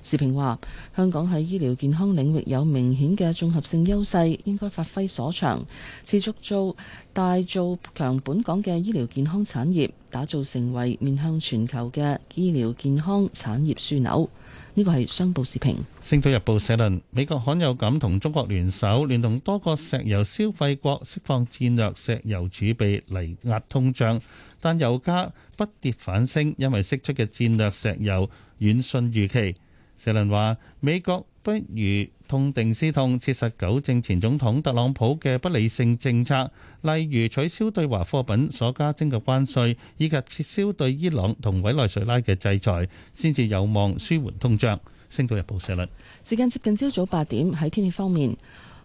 Speaker 3: 時評話，香港喺醫療健康領域有明顯嘅綜合性優勢，應該發揮所長，持續做大做強本港嘅醫療健康產業，打造成為面向全球嘅醫療健康產業樞紐。呢個係商報時評。星
Speaker 4: 島日報社論：美國罕有噉同中國聯手，聯同多個石油消費國釋放戰略石油儲備嚟壓通脹，但油價不跌反升，因為釋出嘅戰略石油遠遜預期。社論話：美國不如痛定思痛，切實糾正前總統特朗普嘅不理性政策，例如取消對華貨品所加徵嘅關稅，以及撤銷對伊朗同委內瑞拉嘅制裁，先至有望舒緩通脹。星島日報社論，
Speaker 3: 時間接近朝早八點。喺天氣方面，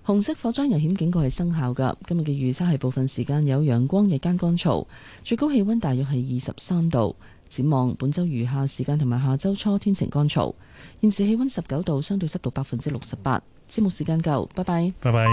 Speaker 3: 紅色火災危險警告係生效噶。今日嘅預測係部分時間有陽光，日間乾燥，最高氣温大約係二十三度。展望本周餘下時間同埋下周初天晴乾燥，現時氣溫十九度，相對濕
Speaker 7: 度百分之六十八。
Speaker 3: 節目時間夠，拜拜。
Speaker 7: 拜拜。